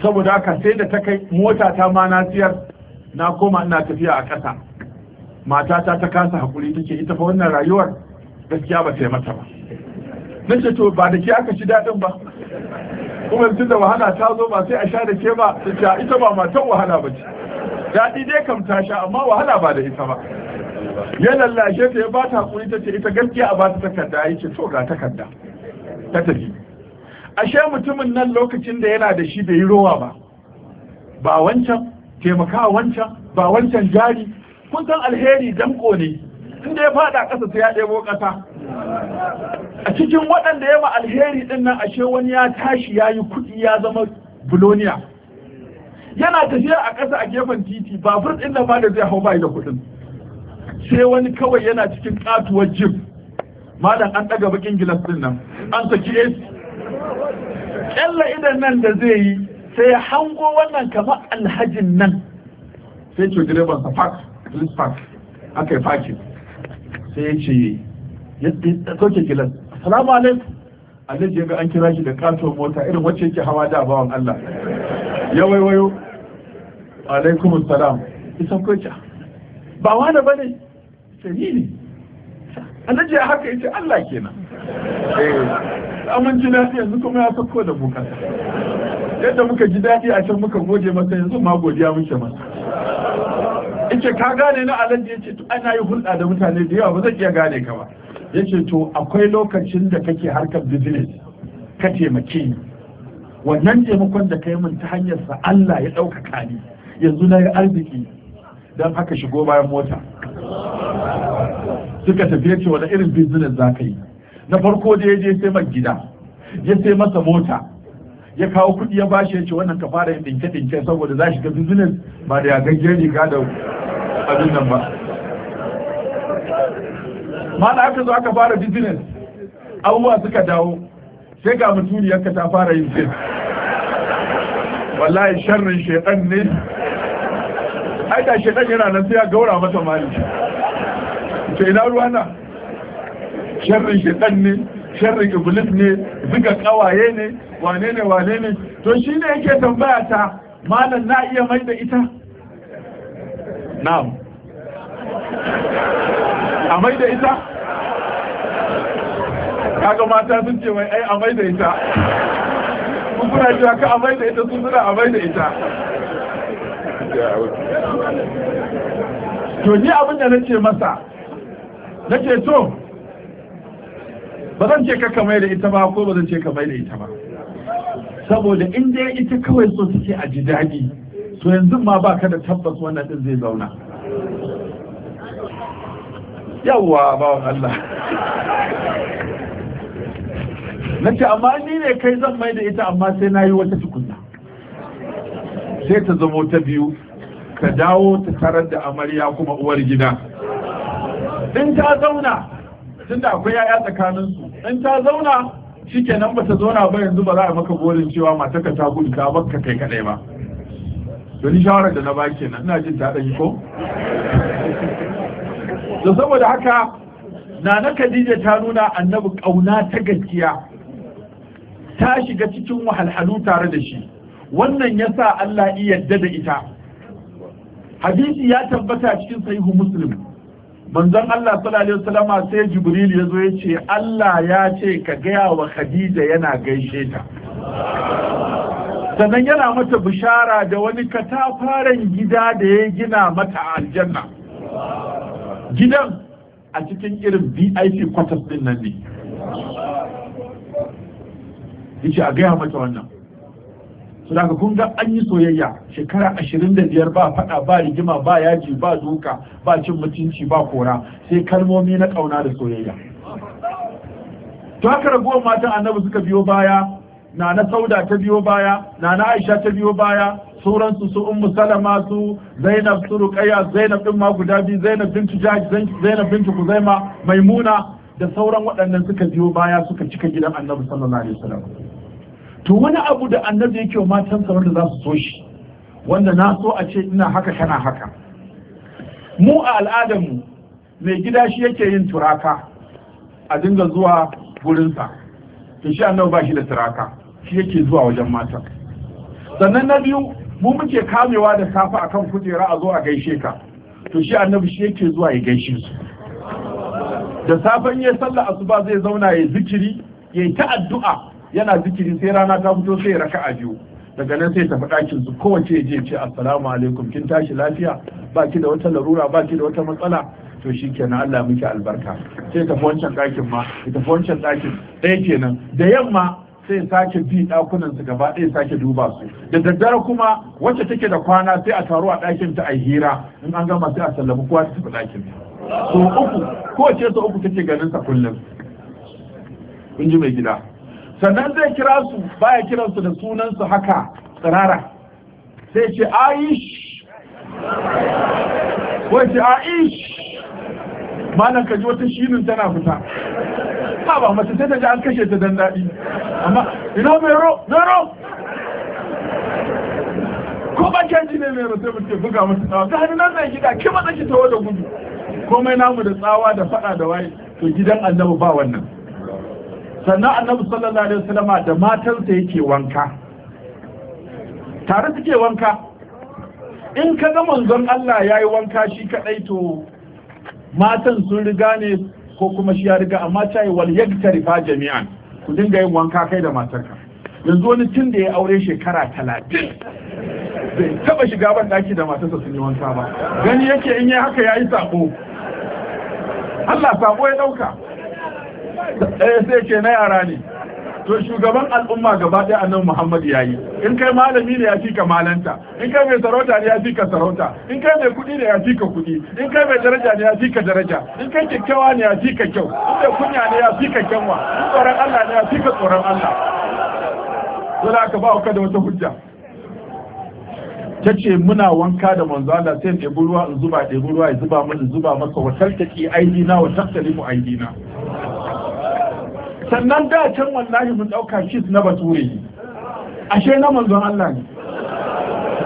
saboda haka sai da ta kai mota ta ma na siyar na koma ina tafiya a ƙasa matata ta kasa hakuri take ita fa wannan rayuwar gaskiya ba ta yi mata ba nace to ba da ke aka ci daɗin ba kuma tun da wahala ta zo ba sai a sha da ke ba ta ita ba matan wahala ba ce daɗi dai kam ta sha amma wahala ba da ita ba ya lallashe ta ya ba ta hakuri ta ce ita gaskiya a ba ta takarda ya ce to ga takarda ta tafi ashe mutumin nan lokacin da yana da shi bai yi rowa ba ba wancan taimaka wancan ba wancan jari kun san alheri damko ne inda ya fada ƙasa ta ya ɗebo ƙasa a cikin waɗanda ya ma alheri ɗin nan ashe wani ya tashi ya yi kuɗi ya zama buloniya yana tafiya a ƙasa a gefen titi babur ɗin na ba da zai hau bai da kuɗin sai wani kawai yana cikin katuwar jib malam an daga bakin gilas din nan an saki AC kyalla idan nan da zai yi sai ya hango wannan kamar alhajin nan sai ce direban sa park police park aka yi parking sai ya ce ya soke gilas assalamu alaikum alhaji ya ga an kira shi da kato mota irin wacce yake hawa da bawan Allah ya waiwayo alaikum salam isa kwacha ba wani ba ne sani ne alhaji ya haka yace Allah kenan eh, aminci na yanzu kuma ya sauko da muka yadda muka ji dadi a can muka goje masa yanzu ma godiya muke masa yace ka gane na alhaji yace to ana yi hulɗa da mutane da yawa ba zan iya gane ka ba yace to akwai lokacin da kake harkar business ka taimake ni wannan taimakon da kai min ta hanyar sa Allah ya ɗaukaka ni yanzu na yi arziki don haka shigo bayan mota suka tafi ya ce wani irin business za ka yi na farko da ya je sai mai gida ya sai masa mota ya kawo kuɗi ya bashi ya ce wannan ka fara yin ɗinke-ɗinke saboda za shiga business ba da ya ni ga da abin nan ba mana aka zo aka fara business abubuwa suka dawo sai ga mutuniyarka ta fara yin fes wallahi sharrin shekan ne ai da shedan yana nan sai ya gaura masa mali to ina ruwa na sharrin shedan ne sharrin iblis ne zuga kawaye ne wane ne wane ne to shine yake tambaya ta malam na iya mai da ita na'am a mai da ita kaga mata sun ce wai ai a mai da ita kun kuna jira ka a mai da ita sun zira a mai da ita to ni abin da nake masa nake to ba zan ce ka ka da ita ba ko ba zan ce ka mai da ita ba saboda in dai ita kawai so take a ji daɗi to yanzu ma ba ka da tabbas wannan din zai zauna yawwa bawan Allah na amma ni ne kai zan mai da ita amma sai na yi wata tuku sai ta zamo ta biyu ta dawo ta tarar da amarya kuma uwar gida in ta zauna da akwai yaya tsakaninsu in ta zauna shi ke nan ba ta zauna ba yanzu ba za a maka gorin cewa mataka ta gudu ta baka kai kadai ba Wani shawarar da na ba ke nan ina jin ta ɗanyi ko da saboda haka nana Khadija ta nuna annabi ƙauna ta gaskiya ta shiga cikin wahalhalu tare da shi wannan ya sa Allah iya yadda da ita hadisi ya tabbata cikin sahihu muslim manzon Allah sallallahu alaihi wasallam sai jibril ya zo ya ce Allah ya ce ka gaya wa khadija yana gaishe ta sannan yana mata bishara da wani katafaren gida da ya gina mata a aljanna gidan a cikin irin vip quarters din nan ne yace a gaya mata wannan su daga kun ga an yi soyayya shekara ashirin da biyar ba faɗa ba rigima ba yaji ba duka ba cin mutunci ba kora sai kalmomi na ƙauna da soyayya to haka ragowar matan annabi suka biyo baya na na sauda ta biyo baya na na aisha ta biyo baya sauransu su ummu salama su zainab su ruqayya zainab din ma zainab bintu jahaj zainab bintu kuzaima maimuna da sauran waɗannan suka biyo baya suka cika gidan annabi sallallahu alaihi wasallam to wani abu da annabi yake wa matansa wanda za su so shi wanda na so a ce ina haka kana haka mu a al'adarmu mai gida shi yake yin turaka a dinga zuwa gurinsa to shi annabi ba shi da turaka shi yake zuwa wajen mata sannan na biyu mu muke kamewa da safa akan kujera a zo a gaishe ka to shi annabi shi yake zuwa ya gaishe su da safen ya sallah asuba zai zauna ya zikiri ya ta addu'a yana zikiri sai rana ta fito sai raka'a biyu daga nan sai tafi ɗakin su kowace je ce assalamu alaikum kin tashi lafiya ba ki da wata larura ba ki da wata matsala to shi kenan Allah miki albarka sai tafi wancan ɗakin ma ya tafi wancan ɗakin ɗaya kenan da yamma sai sake bi ɗakunan su gaba ɗaya sake duba su da daddare kuma wacce take da kwana sai a taru a ɗakin ta a hira in an gama sai a sallama kowa ta tafi ɗakin so uku kowace su uku take ganin sa kullum kun ji mai gida sannan zai kira su baya kiransu da sunansu haka tsirara sai ce aish ce aish malam kaji wata shinin tana fita ba ba mace sai ta ji an kashe ta dan daɗi amma ina mero mero ko ba ji ne mero sai mutum buga mata tsawa ga hannun nan gida ki matsa ki tawo da gudu komai namu da tsawa da faɗa da waye to gidan annabi ba wannan sannan annabi sallallahu alaihi wasallam da matansa yake wanka tare suke wanka in ka ga manzon Allah yayi wanka shi kadai to matan sun riga ne ko kuma shi ya riga amma ta yi wal yaktarifa jami'an ku dinga yin wanka kai da matarka yanzu wani tun da ya aure shekara talatin bai taba shiga ban daki da matarsa sun yi wanka ba gani yake in yi haka ya yi sako Allah sako ya dauka Ɗaya eh, sai ke na yara ne to shugaban al'umma gaba ɗaya annabi Muhammad ya yi in kai malami ne ya fi ka malanta in kai mai sarauta ne ya fi ka sarauta in kai mai kuɗi ne ya fi ka kuɗi in kai mai daraja ne ya fi ka daraja in kai kyakkyawa ne ya fi ka kyau in kai kunya ne ya fi ka kyanwa in tsoron Allah ne ya fi ka tsoron Allah dole aka ba ka da wata hujja ta ce muna wanka da manzo Allah sai ɗebi ruwa in zuba ɗebi ruwa ya zuba min zuba maka wa taltaki na, wa mu tattalifu na. sannan da can wallahi mun ɗauka kis na bature ashe na manzon Allah ne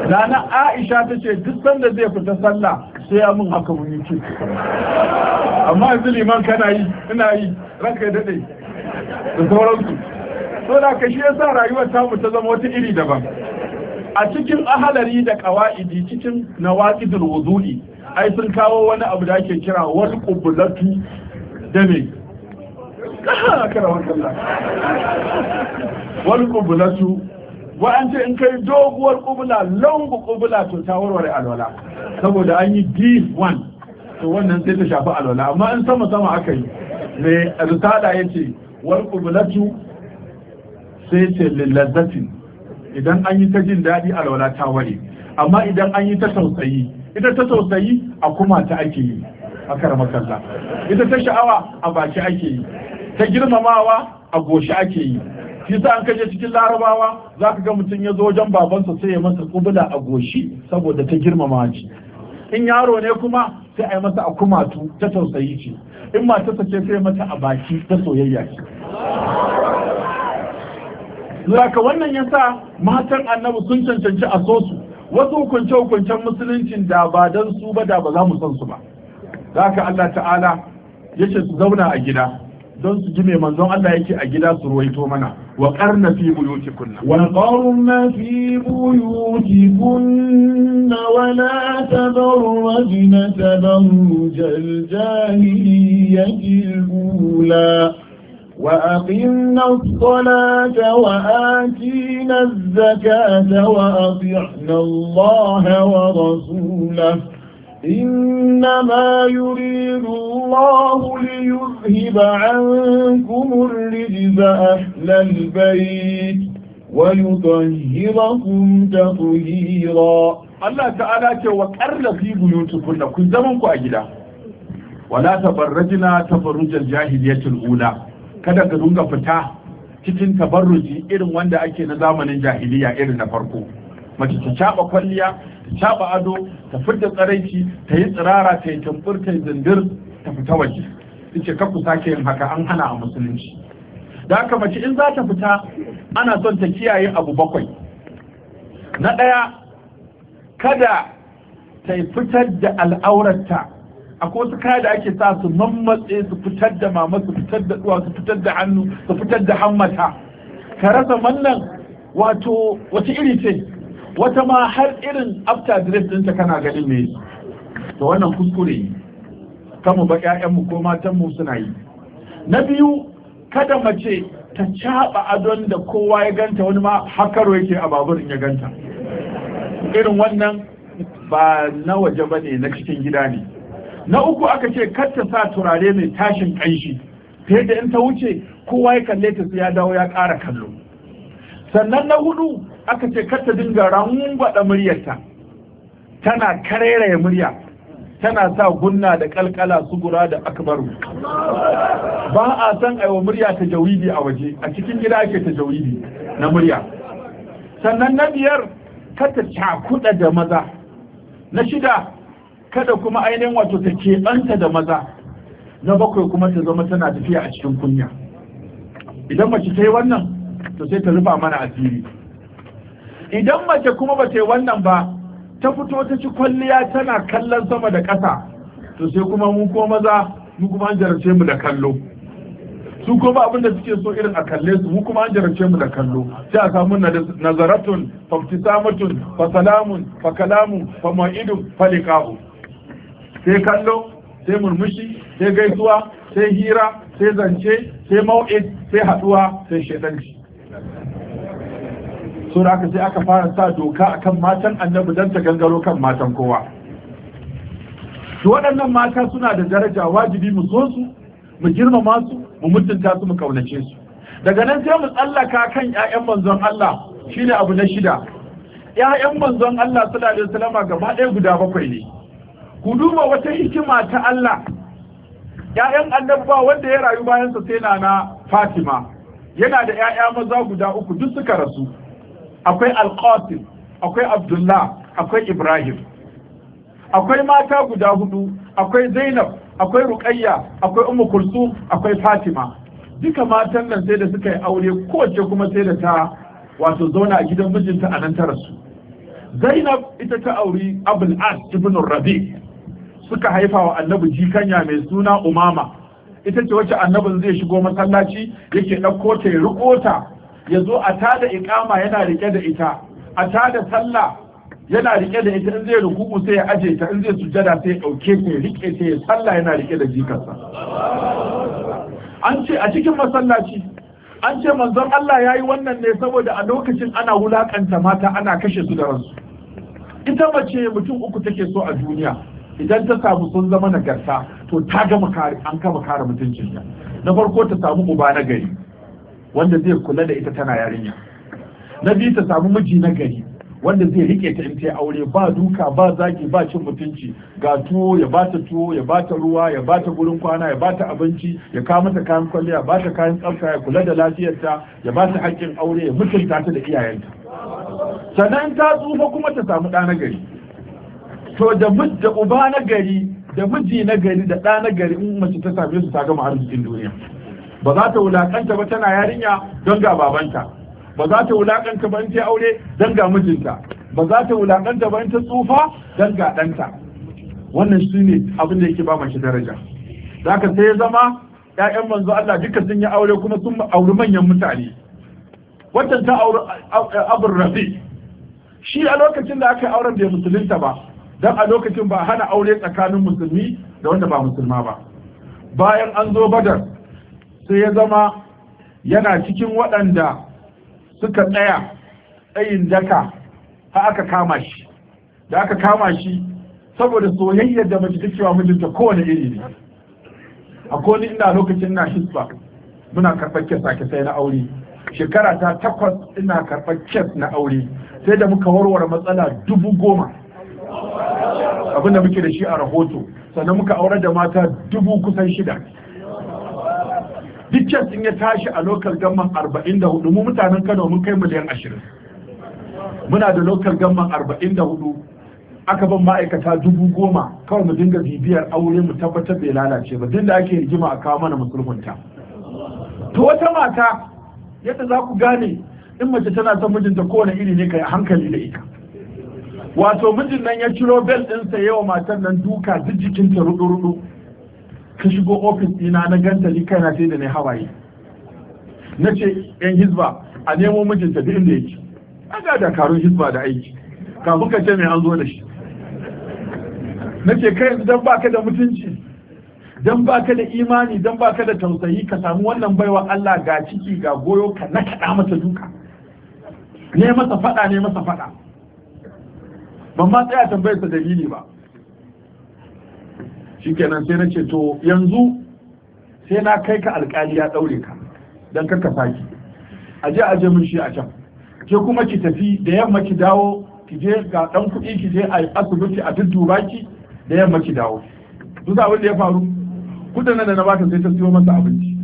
Rana Aisha ta ce duk sanda zai fita sallah sai ya mun haka mun yi amma yanzu liman kana yi ina yi ranka dade da sauransu so da ka shi yasa rayuwar mu ta zama wata iri daban a cikin ahalari da ƙawa'idi cikin nawaqidul wudu'i ai sun kawo wani abu da ake kira wal qublatu da me [laughs] wal in kai doguwar kubula longu kubula to ta warware alwala saboda an yi deep one to wannan sai ta shafi alwala amma in sama sama aka yi ya ce yace wal qublatu sai ce lillazzatin idan an yi ta jin daɗi alwala ta ware amma idan an yi ta tausayi ita ta tausayi a kuma ta ake yi a karamakalla ita ta sha'awa a baki ake yi ta girmamawa a goshi ake yi shi sa an kaje cikin larabawa za ka ga mutum ya zo wajen babansa sai ya masa kubula a goshi saboda ta girmama ce in yaro ne kuma sai a yi masa a kumatu ta tausayi ce in mata sace sai mata a baki ta soyayya ce Zaka wannan ya sa matan annabi sun cancanci a sosu wasu hukunce-hukuncen musuluncin da ba don su ba da ba za mu san su ba. Zaka Allah ta'ala ya ce su zauna a gida don su ji mai manzon Allah yake a gida su ruwaito mana wa qarna fi buyutikunna wa qarna fi buyutikunna wa la tabarrajna tabarrujal jahiliyyati al-ula وأقمنا الصلاة وآتينا الزكاة وأطعنا الله ورسوله إنما يريد الله ليذهب عنكم الرجز أهل البيت ويطهركم تطهيرا الله تعالى وقرن في بيوتكن كن زمنكم أجلا ولا تبرجنا تبرج الجاهلية الأولى kada ka dunga fita cikin tabarruji irin wanda ake na zamanin jahiliya irin na farko mace ta caɓa kwalliya ta caɓa ado ta fidda tsaraici ta yi tsirara ta yi tambur ta yi zindir ta fita waje ce ka ku sake yin haka an hana a musulunci da haka mace in za ta fita ana son ta kiyaye abu bakwai na ɗaya kada ta fitar da al'aurarta akwai wasu kaya da ake sa su mammatse su fitar da mama su fitar da duwa su fitar da hannu su fitar da hammata ka rasa wannan wato wace iri ce wata ma har irin after dress ɗinta kana ganin ne to wannan kuskure ne kamu ba ƴaƴanmu ko matanmu suna yi na biyu kada mace ta caɓa adon da kowa ya ganta wani ma hakaro yake a babur ya ganta irin wannan ba na waje ba ne na cikin gida ne na uku aka ce kar ta sa turare mai tashin ƙanshi ta yadda in ta wuce kowa ya kalle ta ya dawo ya ƙara kallo sannan na hudu aka ce kata dinga dinga gwada muryarta tana karairaya murya tana sa gunna da kalkala gura da akbaru ba a san aiwa murya ta jawibi a waje a cikin gida ake ta jawibi na murya sannan na biyar kata cakuda da maza na shida kada kuma ainihin wato ta keɓanta da maza na bakwai kuma ta zama tana tafiya a cikin kunya idan mace ta yi wannan to sai ta rufa mana asiri idan mace kuma ba ta wannan ba ta fito ta ci kwalliya tana kallon sama da ƙasa to sai kuma mu ko maza mu kuma an jarabce mu da kallo su ko ba abin da suke so irin a kalle su mu kuma an jarabce mu da kallo sai a samu nazaratun faftisamatun fa salamun fa kalamun fa ma'idun fa liqa'u sai kallo sai murmushi sai gaisuwa sai hira sai zance sai mau'id sai haɗuwa, sai shedanci so da aka sai aka fara sa doka akan matan annabi don ta gangaro kan matan kowa to waɗannan mata suna da daraja wajibi mu so su mu girmama su mu mutunta su mu kaunace su daga nan sai mu tsallaka kan 'ya'yan manzon Allah shine abu na shida Ya'yan manzon Allah sallallahu alaihi wasallam gaba ɗaya guda bakwai ne ku wata hikima ta Allah ƴaƴan annabba wanda ya rayu bayan sa sai na Fatima yana da 'ya'ya maza guda uku duk suka rasu akwai alqasim akwai abdullah akwai ibrahim akwai mata guda hudu akwai zainab akwai ruqayya akwai ummu kulsu akwai fatima duka matan nan sai da suka yi aure kowace kuma sai da ta wato zauna a gidan mijinta a nan ta rasu zainab ita ta auri abul as ibn rabi suka haifa wa annabi jikanya mai suna umama ita ce wacce annabin zai shigo masallaci yake dauko ta ya ya zo a tada ikama yana rike da ita a tada sallah yana rike da ita in zai rukuku sai ya aje ta in zai sujada sai ya dauke ta ya rike ta ya sallah yana rike da jikarsa an ce a cikin masallaci an ce manzon Allah yayi wannan ne saboda a lokacin ana wulakanta mata ana kashe su da ransu ita mace mutum uku take so a duniya idan ta samu sun zama nagarta to ta gama kare an kama kare mutuncin na farko ta samu uba na gari wanda zai kula da ita tana yarinya na biyu ta samu miji na gari wanda zai rike ta in ta aure ba duka ba zaki ba cin mutunci ga tuwo ya bata tuwo ya bata ruwa ya bata gurin kwana ya bata abinci ya kawo mata kayan kwalliya ya bata kayan tsafta ya kula da lafiyarta ya bata haƙƙin aure ya mutunta ta da iyayenta sannan ta tsufa kuma ta samu ɗa na gari to da da uba na gari da miji na gari da ɗa na gari in mace ta same su ta gama arzikin duniya ba za ta wulakanta ba tana yarinya don ga babanta ba za ta wulakanta ba in ta aure don ga mijinta ba za ta wulakanta ba in ta tsufa don ga ɗanta wannan shi ne abin da yake ba mace daraja za ka sai zama ‘ya'yan manzo Allah duka sun yi aure kuma sun auri manyan mutane watan ta auri abin rafi shi a lokacin da aka auren bai musulunta ba don a lokacin ba hana aure tsakanin musulmi da wanda ba musulma ba bayan an zo badar sai ya zama yana cikin waɗanda suka tsaya tsayin daka ha aka kama shi da aka kama shi saboda soyayyar da mace take wa mijinta kowane iri ne a koni ina lokacin na hisba muna karɓar kes a sai na aure shekara ta takwas ina karɓar kes na aure sai da muka warware matsala dubu goma abinda muke da shi a rahoto sannan muka aure da mata dubu kusan shida tiket in ya tashi a local gamman 44 mu mutanen Kano mun kai miliyan 20 muna da local gamman hudu aka ban ma'aikata dubu goma kawai mu dinga bibiyar aure mu tabbatar bai lalace ba duk da ake rigima a kawo mana musulmunta to wata mata yadda za ku gane in mace tana son mijinta kowane iri ne kai hankali da ita wato mijin nan ya ciro bel ɗinsa yawa matan nan duka duk jikinta rudu-rudu ka shigo ofis ɗina na ganta ni kaina sai da ne hawaye na ce yan hizba a nemo mijinta duk inda yake an ga karun hizba da aiki ka ka ce mai an zo da shi na ce kai yanzu dan baka da mutunci dan baka da imani dan baka da tausayi ka samu wannan baiwa Allah ga ciki ga goyo ka na kaɗa masa duka ne masa faɗa ne masa faɗa ban ma tsaya tambayar sa dalili ba shikenan sai na ce to yanzu sai na kai ka alkali ya daure ka dan ka je a aje mun shi a can ke kuma ki tafi da yamma ki dawo ki je ga dan kuɗi ki je a asibiti a dudduba ki da yamma ki dawo duk abin da ya faru kudin nan da na bata sai ta siyo masa abinci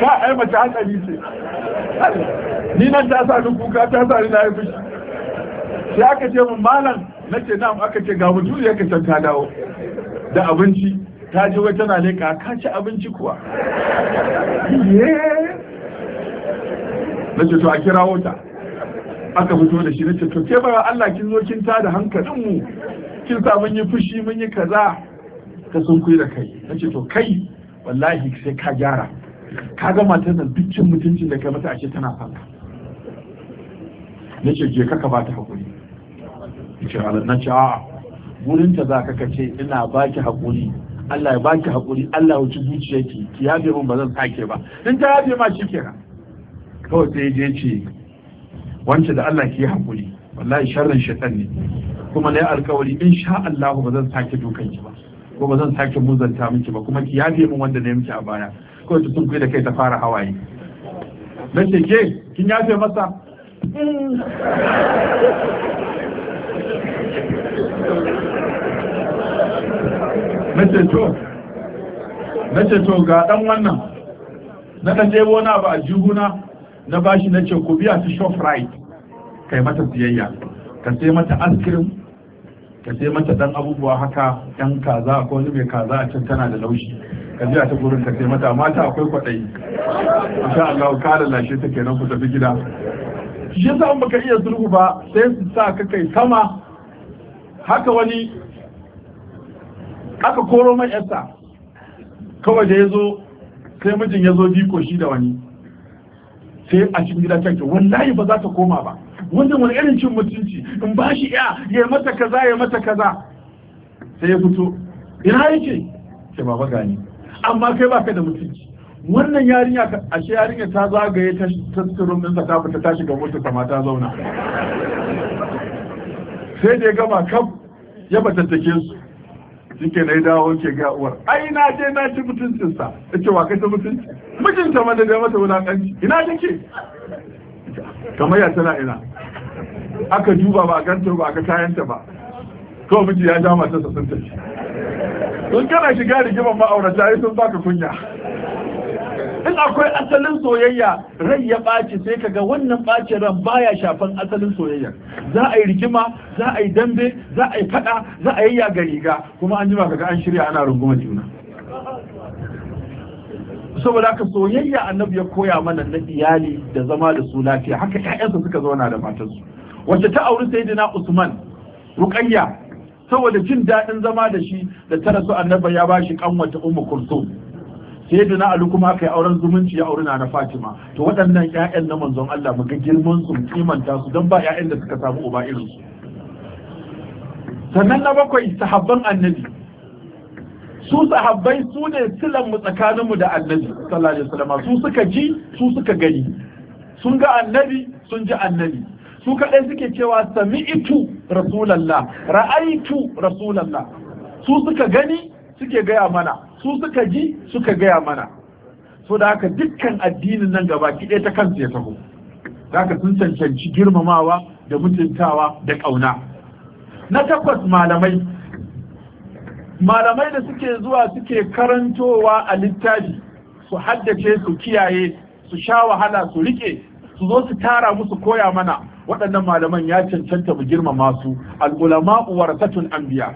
ka ai mace hankali ce ni nan ta sa kuka ta sa ni na yi fushi sai aka ce mun malam ce nan aka ce ga mutum ya kace ta dawo da abinci ta ji wata tana leka ka ci abinci kuwa na ce to a kirawo ta aka fito da shi na ce to ke ba Allah kin zo kin da hankalin mu kin sa mun yi fushi mun yi kaza ka sun kuyi da kai na ce to kai wallahi sai ka gyara ka ga matar da dukkan mutuncin da kai mata ce tana fanka Nace ce je kaka ba ta haƙuri na ce a wurin ta za kaka ce ina ba ki Allah ya ba ki haƙuri Allah ci zuciya ki yafe min ba zan sake ba in ta yabe ma shi kenan kawai sai je ce wance da Allah ke hakuri. wallahi sharrin shaitan ne kuma na yi alkawari in sha Allah ba zan sake dukan ki ba ko ba zan sake muzanta miki ba kuma ki yafe min wanda na yi miki a baya kawai ta sun da kai ta fara hawaye na ce ke kin yafe masa mace to ga dan wannan na ɗan ɗebo na ba a juguna na bashi na ce ku biya su shoprite kai mata siyayya ka sai mata askirin ka sai mata dan abubuwa haka yan kaza ko wani mai kaza a can tana da laushi ka biya ta gurin ka sai mata mata akwai kwaɗayi insha Allah ka lalashe ta kenan ku tafi gida shi yasa in baka iya sulhu ba sai su sa ka kai sama haka wani aka koro mai yarsa kawai da ya zo sai mijin ya zo biko shi da wani sai a cikin gida canke wallahi ba za ta koma ba wannan wani irin cin mutunci in ba shi ya ya mata kaza ya mata kaza sai ya fito ina yake ce ba gani amma kai ba baka da mutunci wannan yarinya shi yarinya ta zagaye ta tattirin ɗinsa ta fita ta shiga motar kama ta zauna sai da ya gama kaf ya batattake su shike na dawo ke ga uwar ai na je na ci mutuncinsa ta ce wa kai ta mutunci mijinta ma da ya mata wulaƙanci ina kike kamar ya tana ina aka duba ba ganta ba aka tayanta ba kawai miji ya ja matarsa sun tafi don kana shiga rigiman ma'aurata yi sun baka kunya in akwai asalin soyayya rai ya ɓaci sai kaga wannan ɓacin ran baya shafan asalin soyayya za a yi rigima za a yi dambe za a yi faɗa za a yi ga riga kuma an jima kaga an shirya ana runguma juna saboda haka soyayya annabi ya koya mana na iyali da zama da su lafiya haka ƴaƴansa suka zauna da matansu wacce ta auri sayyidina Usman Rukayya saboda jin daɗin zama da shi da ta rasu annabi ya bashi kanwata Ummu Kulthum sai da na alu kuma aka yi auren zumunci ya auri na na fatima to waɗannan ƴaƴan na manzon Allah mu ga girman su kimanta su don ba ƴaƴan da suka samu uba irin su sannan na bakwai sahabban annabi su sahabbai su ne silan mu tsakaninmu da annabi sallallahu alaihi wasallam su suka ji su suka gani sun ga annabi sun ji annabi su kaɗai suke cewa sami'tu rasulallah ra'aitu rasulallah su suka gani suke gaya mana su suka ji suka gaya mana so da haka dukkan addinin nan gaba kiɗe ta kansu ya taho da haka sun cancanci girmamawa da mutuntawa da ƙauna na takwas malamai malamai da suke zuwa suke karantowa a littafi su haddace su kiyaye su sha wahala su riƙe, su zo su tara musu koya mana waɗannan malaman ya cancanta mu girmama su al'ulama an anbiya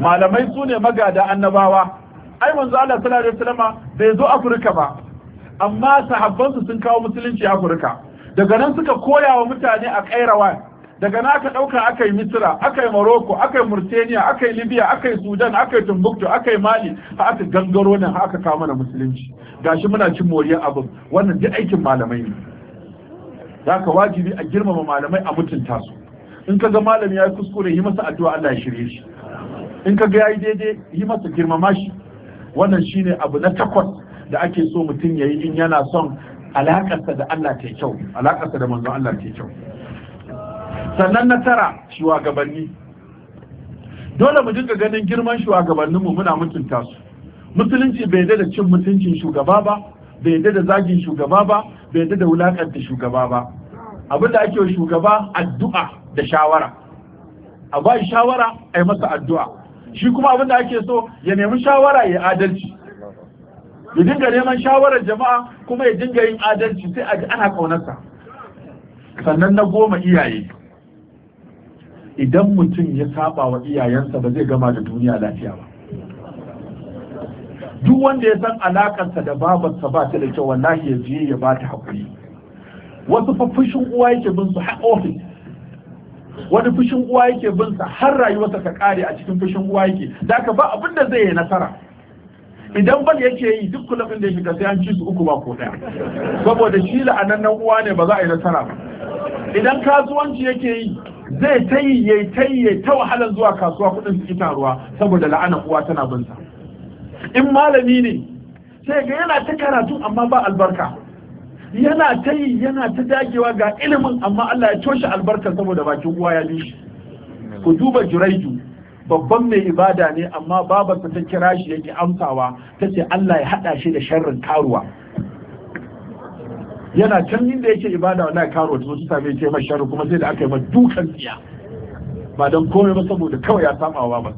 malamai su ne magada annabawa ai manzo Allah sallallahu alaihi wasallam bai zo Afirka ba amma sahabbansu sun kawo musulunci Afirka daga nan suka koya wa mutane a kairawa daga nan aka dauka aka yi Misra aka yi Morocco aka yi Mauritania aka yi Libya aka yi Sudan aka yi Timbuktu aka yi Mali ha aka gangaro nan ha aka kawo mana musulunci gashi muna cin moriyar abin wannan duk aikin malamai ne zaka wajibi a girmama malamai a mutunta su in ka ga malami ya yi kuskure yi masa addu'a Allah ya shirye shi in ka ga yayi daidai yi masa girmama shi wannan shine abu na takwas da ake so mutum ya yi in yana son alakarsa da Allah ta kyau alakarsa da manzon Allah ta kyau sannan na tara shugabanni dole mu dinga ganin girman shugabannin mu muna mutunta su musulunci bai da cin mutuncin shugaba ba bai da zagin shugaba ba bai yadda da shugaba ba abin da ake wa shugaba addu'a da shawara a bai shawara ai masa addu'a shi kuma abin da ake so ya nemi shawara ya adalci ya dinga neman shawarar jama'a kuma ya dinga yin adalci sai a ji ana ƙaunarsa sannan na goma iyaye idan mutum ya saba wa iyayensa ba zai gama da duniya lafiya ba duk wanda ya san alakarsa da babarsa ba ta da kyau wallahi ya je ya ba ta haƙuri wasu fafishin uwa yake bin su har wani fushin uwa yake bin sa har rayuwarsa ta kare a cikin fushin uwa yake da ka ba abin da zai yi nasara idan bal yake yi duk kulafin da ya shiga sai an ci su uku ba ko daya saboda shi la'anannan uwa ne ba za a yi nasara ba idan kasuwanci yake yi zai ta yi yayi ta yi ta wahalar zuwa kasuwa kudin su ita ruwa saboda la'anar uwa tana bin sa in malami ne sai ga yana ta karatu amma ba albarka yana ta yi yana ta dagewa ga ilimin amma Allah ya coshi albarkar saboda bakin uwa ya bi ku duba juraidu babban mai ibada ne amma babarsa ta kira shi yake amsawa ta ce Allah ya haɗa shi da sharrin karuwa yana can da yake ibada wala karuwa ta su same ce mai sharri kuma sai da aka yi mai dukan tsiya ba don komai ba saboda kawai ya samawa wa ba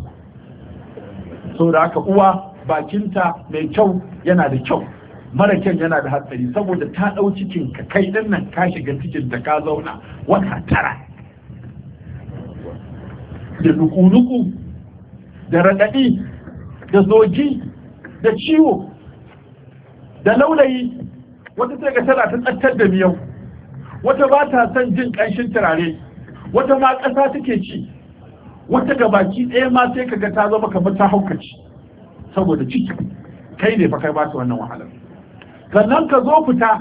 saboda haka uwa bakinta mai kyau yana da kyau mara kyan yana da hatsari saboda ta ɗau cikin ka kai ɗin nan ka shiga cikin da ka zauna wata tara da nuku da raɗaɗi da zogi da ciwo da laulayi wata sai ga tana ta tsattar da miyau wata ba ta son jin ƙanshin turare wata ma ƙasa take ci wata baki ɗaya ma sai kaga ta zama kamar ta haukaci saboda ciki kai ne fa kai ba ta wannan wahalar sannan ka zo fita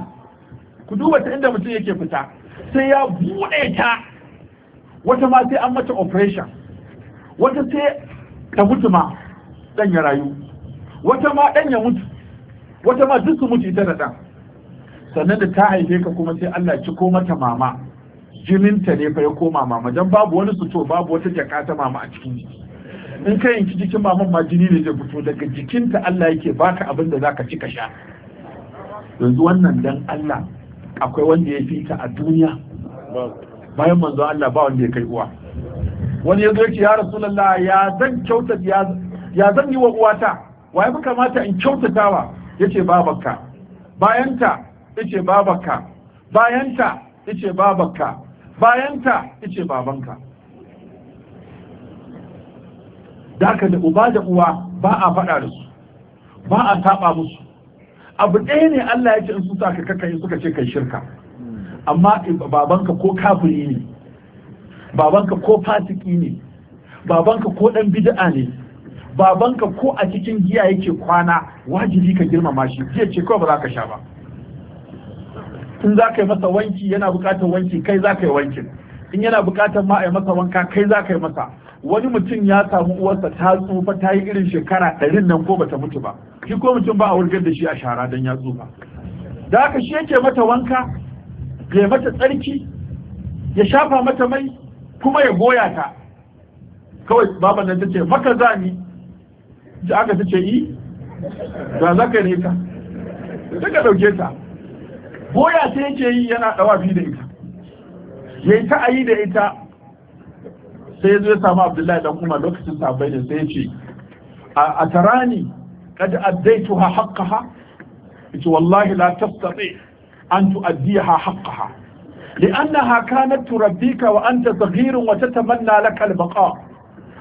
ku duba ta inda mutum yake fita sai ya buɗe ta wata ma sai an mata operation wata sai ta mutu ma ɗan ya rayu wata ma ɗan ya mutu wata ma duk su mutu ita da ɗan sannan da ta haife ka kuma sai Allah ci ko mata mama jininta ne fa ya koma mama dan babu wani suto babu wata jaka ta mama a cikin jiki in ka yanki jikin maman ma jini ne zai fito daga jikinta Allah yake baka abin da zaka ci ka sha yanzu wannan dan Allah akwai wanda ya fita a duniya bayan manzo Allah ba wanda ya kai uwa wani ya zoci ce ya rasulullah ya zan kyauta ya zan yi wa uwata waye fi kamata in kyautatawa yace babanka bayanta yace babanka bayanta yace babanka bayanta yace babanka da da uba da uwa ba a faɗa da su ba a taɓa musu abu ɗaya ne Allah ya ce in su sa ka kakayi suka ce kai shirka amma babanka ko kafiri ne babanka ko fasiki ne babanka ko ɗan bid'a ne babanka ko a cikin giya yake kwana wajibi ka girmama shi zai ce kawai ba za ka sha ba in za ka yi masa wanki yana buƙatar wanki kai za ka yi wankin in yana buƙatar ma a yi masa wanka kai za ka yi masa wani mutum ya samu uwarsa ta tsufa ta yi irin shekara ɗarin nan ko bata mutu ba shi ko mutum ba a wurgar da shi a shara don ya tsufa da aka shi yake mata wanka ya mata tsarki ya shafa mata mai kuma ya goya ta kawai baban nan tace maka za ni ji aka tace yi da za ka ne ta ka ɗauke ta goya ta yake yi yana ɗawafi da ita ya yi ta ayi da ita sai ya zo ya samu abdullahi dan kuma lokacin sabai da sai ya ce a tarani kad addaituha haqqaha ita wallahi la tastati an tu'addiha haqqaha لأنها كانت تربيك وأنت صغير وتتمنى لك البقاء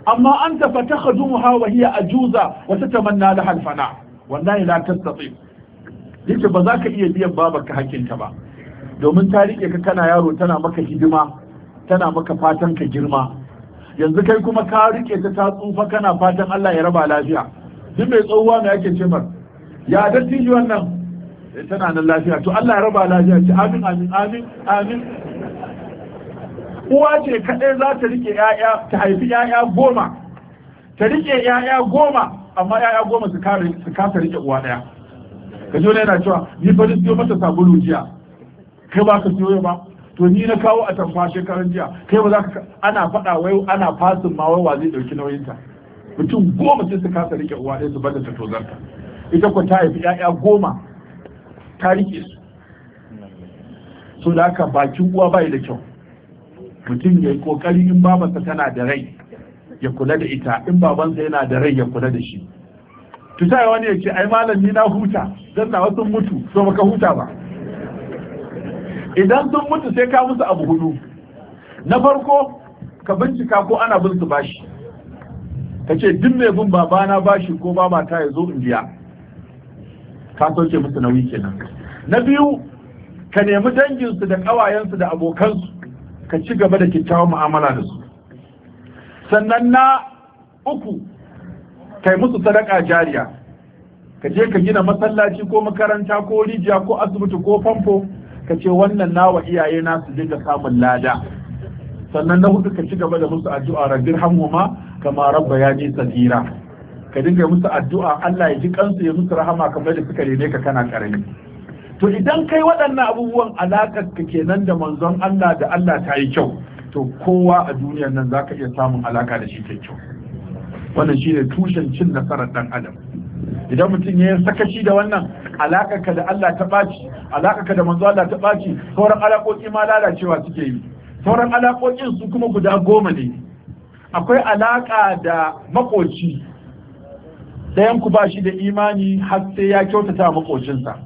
أما أنت فتخدمها وهي أجوزة وتتمنى لها الفناء والله لا تستطيع لك بذاك إيه بيان بابك هكين تبا لو من تاريخك كان يارو تنا مكا هدما تنا مكا فاتنك جرما yanzu kai kuma ka rike ta ta tsufa kana fatan Allah ya raba lafiya duk mai tsohuwa mai ake ce mar ya tiji wannan eh, tana nan lafiya to Allah ya raba lafiya ce amin amin amin amin uwa ce kaɗai za ta rike ya'ya ta haifi ya'ya goma ta rike ya'ya goma amma ya'ya goma su kare su kasa rike uwa ɗaya ka ji yana cewa ni fa siyo mata sabulu jiya kai ba ka siyo ba to ni na kawo a tamfa shekaran jiya kai ba za ka ana faɗa wai ana fasin ma wai wa zai ɗauki nauyinta mutum goma sai su kasa rike uwa ɗaya su bada ta tozarta ita ko ta haifi 'ya'ya goma ta rike su so da haka bakin uwa bai da kyau mutum ya yi kokari in babansa tana da rai ya kula da ita in babansa yana da rai ya kula da shi tuta wani ya ce ai malam ni na huta zan na wasu mutu so baka huta ba idan sun mutu sai ka musu abu hudu na farko ka bincika ko ana bin su bashi ka ce duk mai bin babana bashi ko ba babata ya zo in biya ka sauke musu nauyi kenan na biyu ka nemi danginsu da ƙawayensu da abokansu ka ci gaba da kyakkyawan mu'amala da su sannan na uku kai musu sadaka jariya ka je ka gina masallaci ko makaranta ko rijiya ko asibiti ko famfo ka ce wannan nawa iyaye na su ga samun lada sannan na hudu ka ci gaba da musu addu'a rabbir hamuma kama rabba ya ji tsafira ka dinga musu addu'a Allah ya ji kansu ya musu rahama kamar da suka rene ka kana karami to idan kai waɗannan abubuwan alaƙar ka kenan da manzon Allah da Allah ta yi kyau to kowa a duniyar nan zaka iya samun alaka da shi kyau wannan shine tushen cin nasarar dan adam idan mutum ya sakaci da wannan alakar ka da Allah ta baci alakar ka da manzon Allah ta baci sauran alakoki ma lalacewa suke yi sauran alakokin su kuma guda goma ne akwai alaƙa da makoci ɗayan ku ba shi da imani har sai ya kyautata makocinsa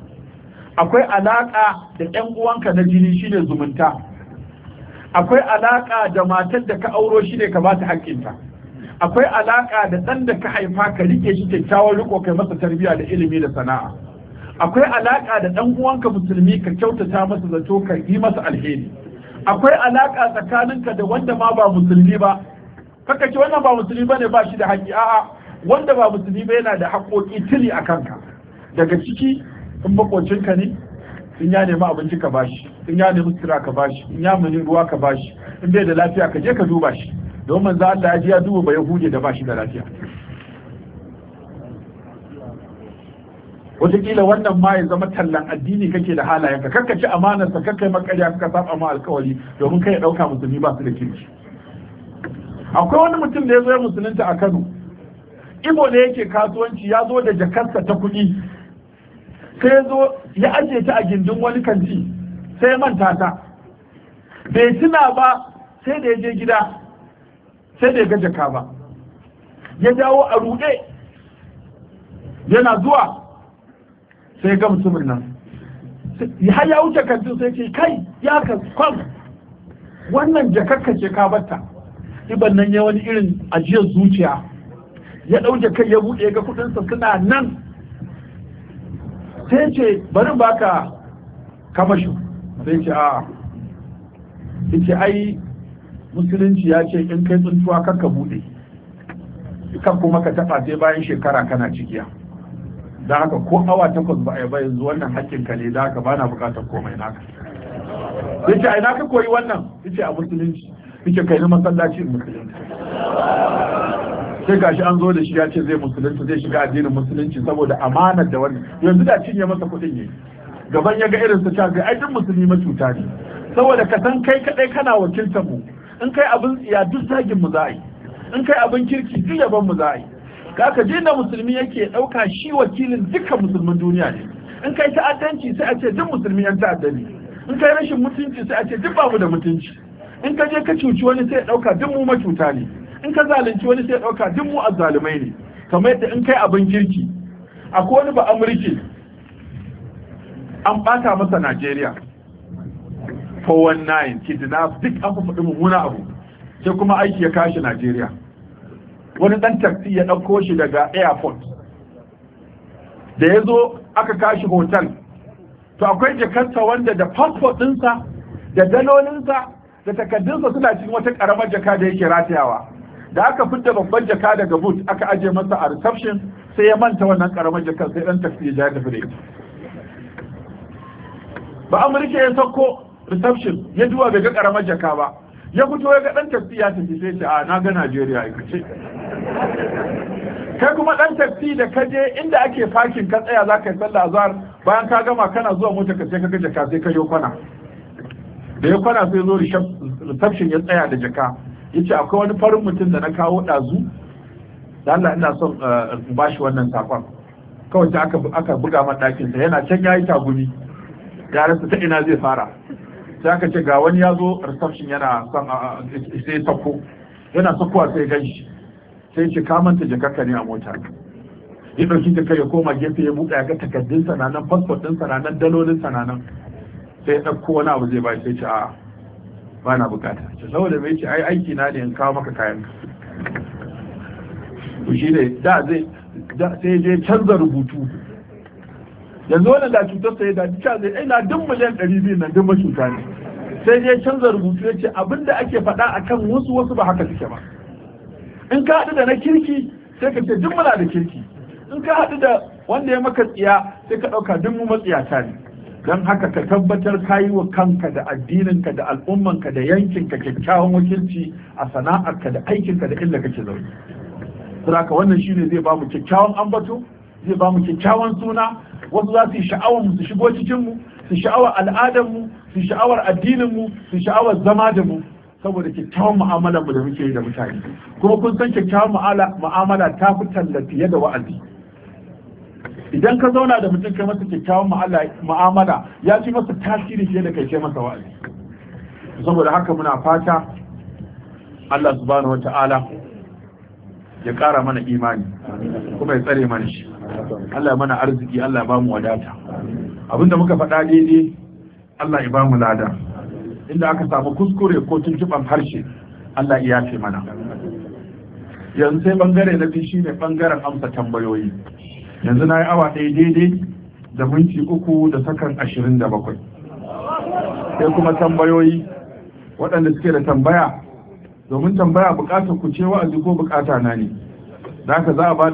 akwai alaƙa da ɗan uwanka na jini shi ne zumunta akwai alaƙa da matar da ka auro shi ne ka ba ta haƙƙinta akwai alaƙa da ɗan da ka haifa ka rike shi kyakkyawar riko kai masa tarbiyya da ilimi da sana'a akwai alaƙa da ɗan uwanka musulmi ka kyautata masa zato ka yi masa alheri akwai alaƙa tsakaninka da wanda ma ba musulmi ba kaka ce wannan ba musulmi bane ba shi da haƙƙi a'a wanda ba musulmi ba yana da haƙoƙi tili a kanka daga ciki in ka ne in ya nemi abinci ka bashi in ya nemi sutura ka bashi in ya nemi ruwa ka bashi in bai da lafiya ka je ka duba shi Domin manzo Allah ya ji ya duba ba yahudi da bashi da lafiya wataƙila wannan ma ya zama tallan addini kake da halayenka kakka ci amanarsa kakka yi makarya kakka saba ma alkawari domin kai ya ɗauka musulmi ba su da kirki akwai wani mutum da ya zo ya musulunta a kano ibo da yake kasuwanci ya zo da jakarsa ta kudi sai ya zo ya ajiye ta a gindin wani kanti sai ya manta ta bai tuna ba sai da ya je gida sai da ya ga jaka ba ya dawo a ruɗe yana zuwa sai ga mutumin nan har ya wuce kantin sai ce kai ya kwan wannan jakar ce ka batta iban nan ya wani irin ajiyar zuciya ya ɗauke kai ya buɗe ga kuɗinsa suna nan sai ce bari baka kamashin sai ce a ce ai musulunci ya ce in kai tsuntuwa kar ka buɗe kan kuma ka taɓa sai bayan shekara kana cikiya da haka ko awa takwas ba a yi ba yanzu wannan hakkin ka ne za haka ba na buƙatar komai naka sai ce ai ka koyi wannan sai ce a musulunci yake kai na masallaci musulunci sai gashi an zo da shi ya ce zai musulunci zai shiga addinin musulunci saboda amanar da wani yanzu da cinye masa kuɗin ne. gaban ya ga irin su ta ai duk musulmi cuta ne saboda ka san kai kadai kana wakiltar mu in kai abin tsiya duk zagin mu za yi in kai abin kirki duk yaban mu za yi ka je da musulmi yake ɗauka shi wakilin dukkan musulmin duniya ne in kai ta'addanci sai a ce duk musulmi yan ta'addani in kai rashin mutunci sai a ce duk babu da mutunci in ka je ka cuci wani sai ya ɗauka, duk mu macuta ne in ka zalunci wani sai ya dauka duk mu azzalumai ne kamar yadda in kai abin kirki akwai wani ba Amurki, an ɓata masa Najeriya 419 kidnap duk an faɗi mummuna abu sai kuma aiki ya kashi Najeriya wani ɗan taxi ya ɗauko shi daga airport da ya zo aka kashi hotel to akwai jakarta wanda da passport ɗinsa da dalolinsa da takaddunsa suna cikin wata karamar jaka da yake ratayawa da aka fidda babban jaka daga boot aka aje masa a reception sai ya manta wannan karamar jakar sai dan taksi ya tafi ba amurka ya sauko reception ya duwa bai ga karamar jaka ba ya fito ya ga dan taksi ya tafi sai ce a na ga Najeriya ai kace kai kuma dan taksi da ka je inda ake fakin ka tsaya zaka yi sallah azhar bayan ka gama kana zuwa mota ka sai ka ga jaka sai ka yo kwana da ya kwana sai zo reception ya tsaya da jaka ya ce akwai wani farin mutum da na kawo ɗazu da Allah ina son eh, in ba shi wannan saƙon kawai ta aka buga man ɗakinsa yana can ya yi tagumi ya rasa ta ina zai fara sai aka ce ga wani ya zo reception yana son sai ya sako yana sakowa sai gan shi sai ce ka manta jakarka ne a motar ya ɗauki jaka ya koma gefe ya buɗe ya ga takardunsa na nan fasfot ɗinsa na nan dalolin sai ya ɗauko wani abu zai ba shi ce a ba na bukata ce saboda mai ce ai aiki na ne in kawo maka kayan ku shi ne da zai sai zai canza rubutu yanzu wani da cutar sai da duka zai ai na miliyan ɗari biyu na dun macuta ne sai zai canza rubutu ya ce abinda ake faɗa akan wasu wasu ba haka suke ba in ka haɗu da na kirki sai ka ce dun muna da kirki in ka haɗu da wanda ya maka tsiya sai ka ɗauka dun mu matsiyata ne don haka ka tabbatar ka yi wa kanka da addininka da al'ummanka da yankinka kyakkyawan wakilci a sana'arka da aikinka da inda kake zaune saboda wannan shine zai ba mu kyakkyawan ambato zai ba mu kyakkyawan suna wasu za su yi sha'awar mu su shigo cikin mu su sha'awar al'adar mu su sha'awar addinin mu su sha'awar zama da mu saboda kyakkyawan mu'amalar mu da muke yi da mutane kuma kun san kyakkyawan mu'amala ta fi tallafi da wa'azi idan ka zauna da mutum kai masa kyakkyawan mu'amala ya fi masa tasiri fiye da kai kai masa wa'azi saboda haka muna fata Allah subhanahu wata'ala ya ƙara mana imani kuma ya tsare mana shi Allah mana arziki Allah ba mu wadata abinda muka faɗa daidai Allah ya ba mu lada inda aka samu kuskure ko tuntuɓan harshe Allah ya yafe mana yanzu sai bangare na biyu shine bangaren amsa tambayoyi yanzu na yi awa ɗaya daidai da minti uku da sakan ashirin da bakwai sai kuma tambayoyi waɗanda suke da tambaya domin tambaya bukatar ku ce wa'azi ko bukata na ne za ka za a ba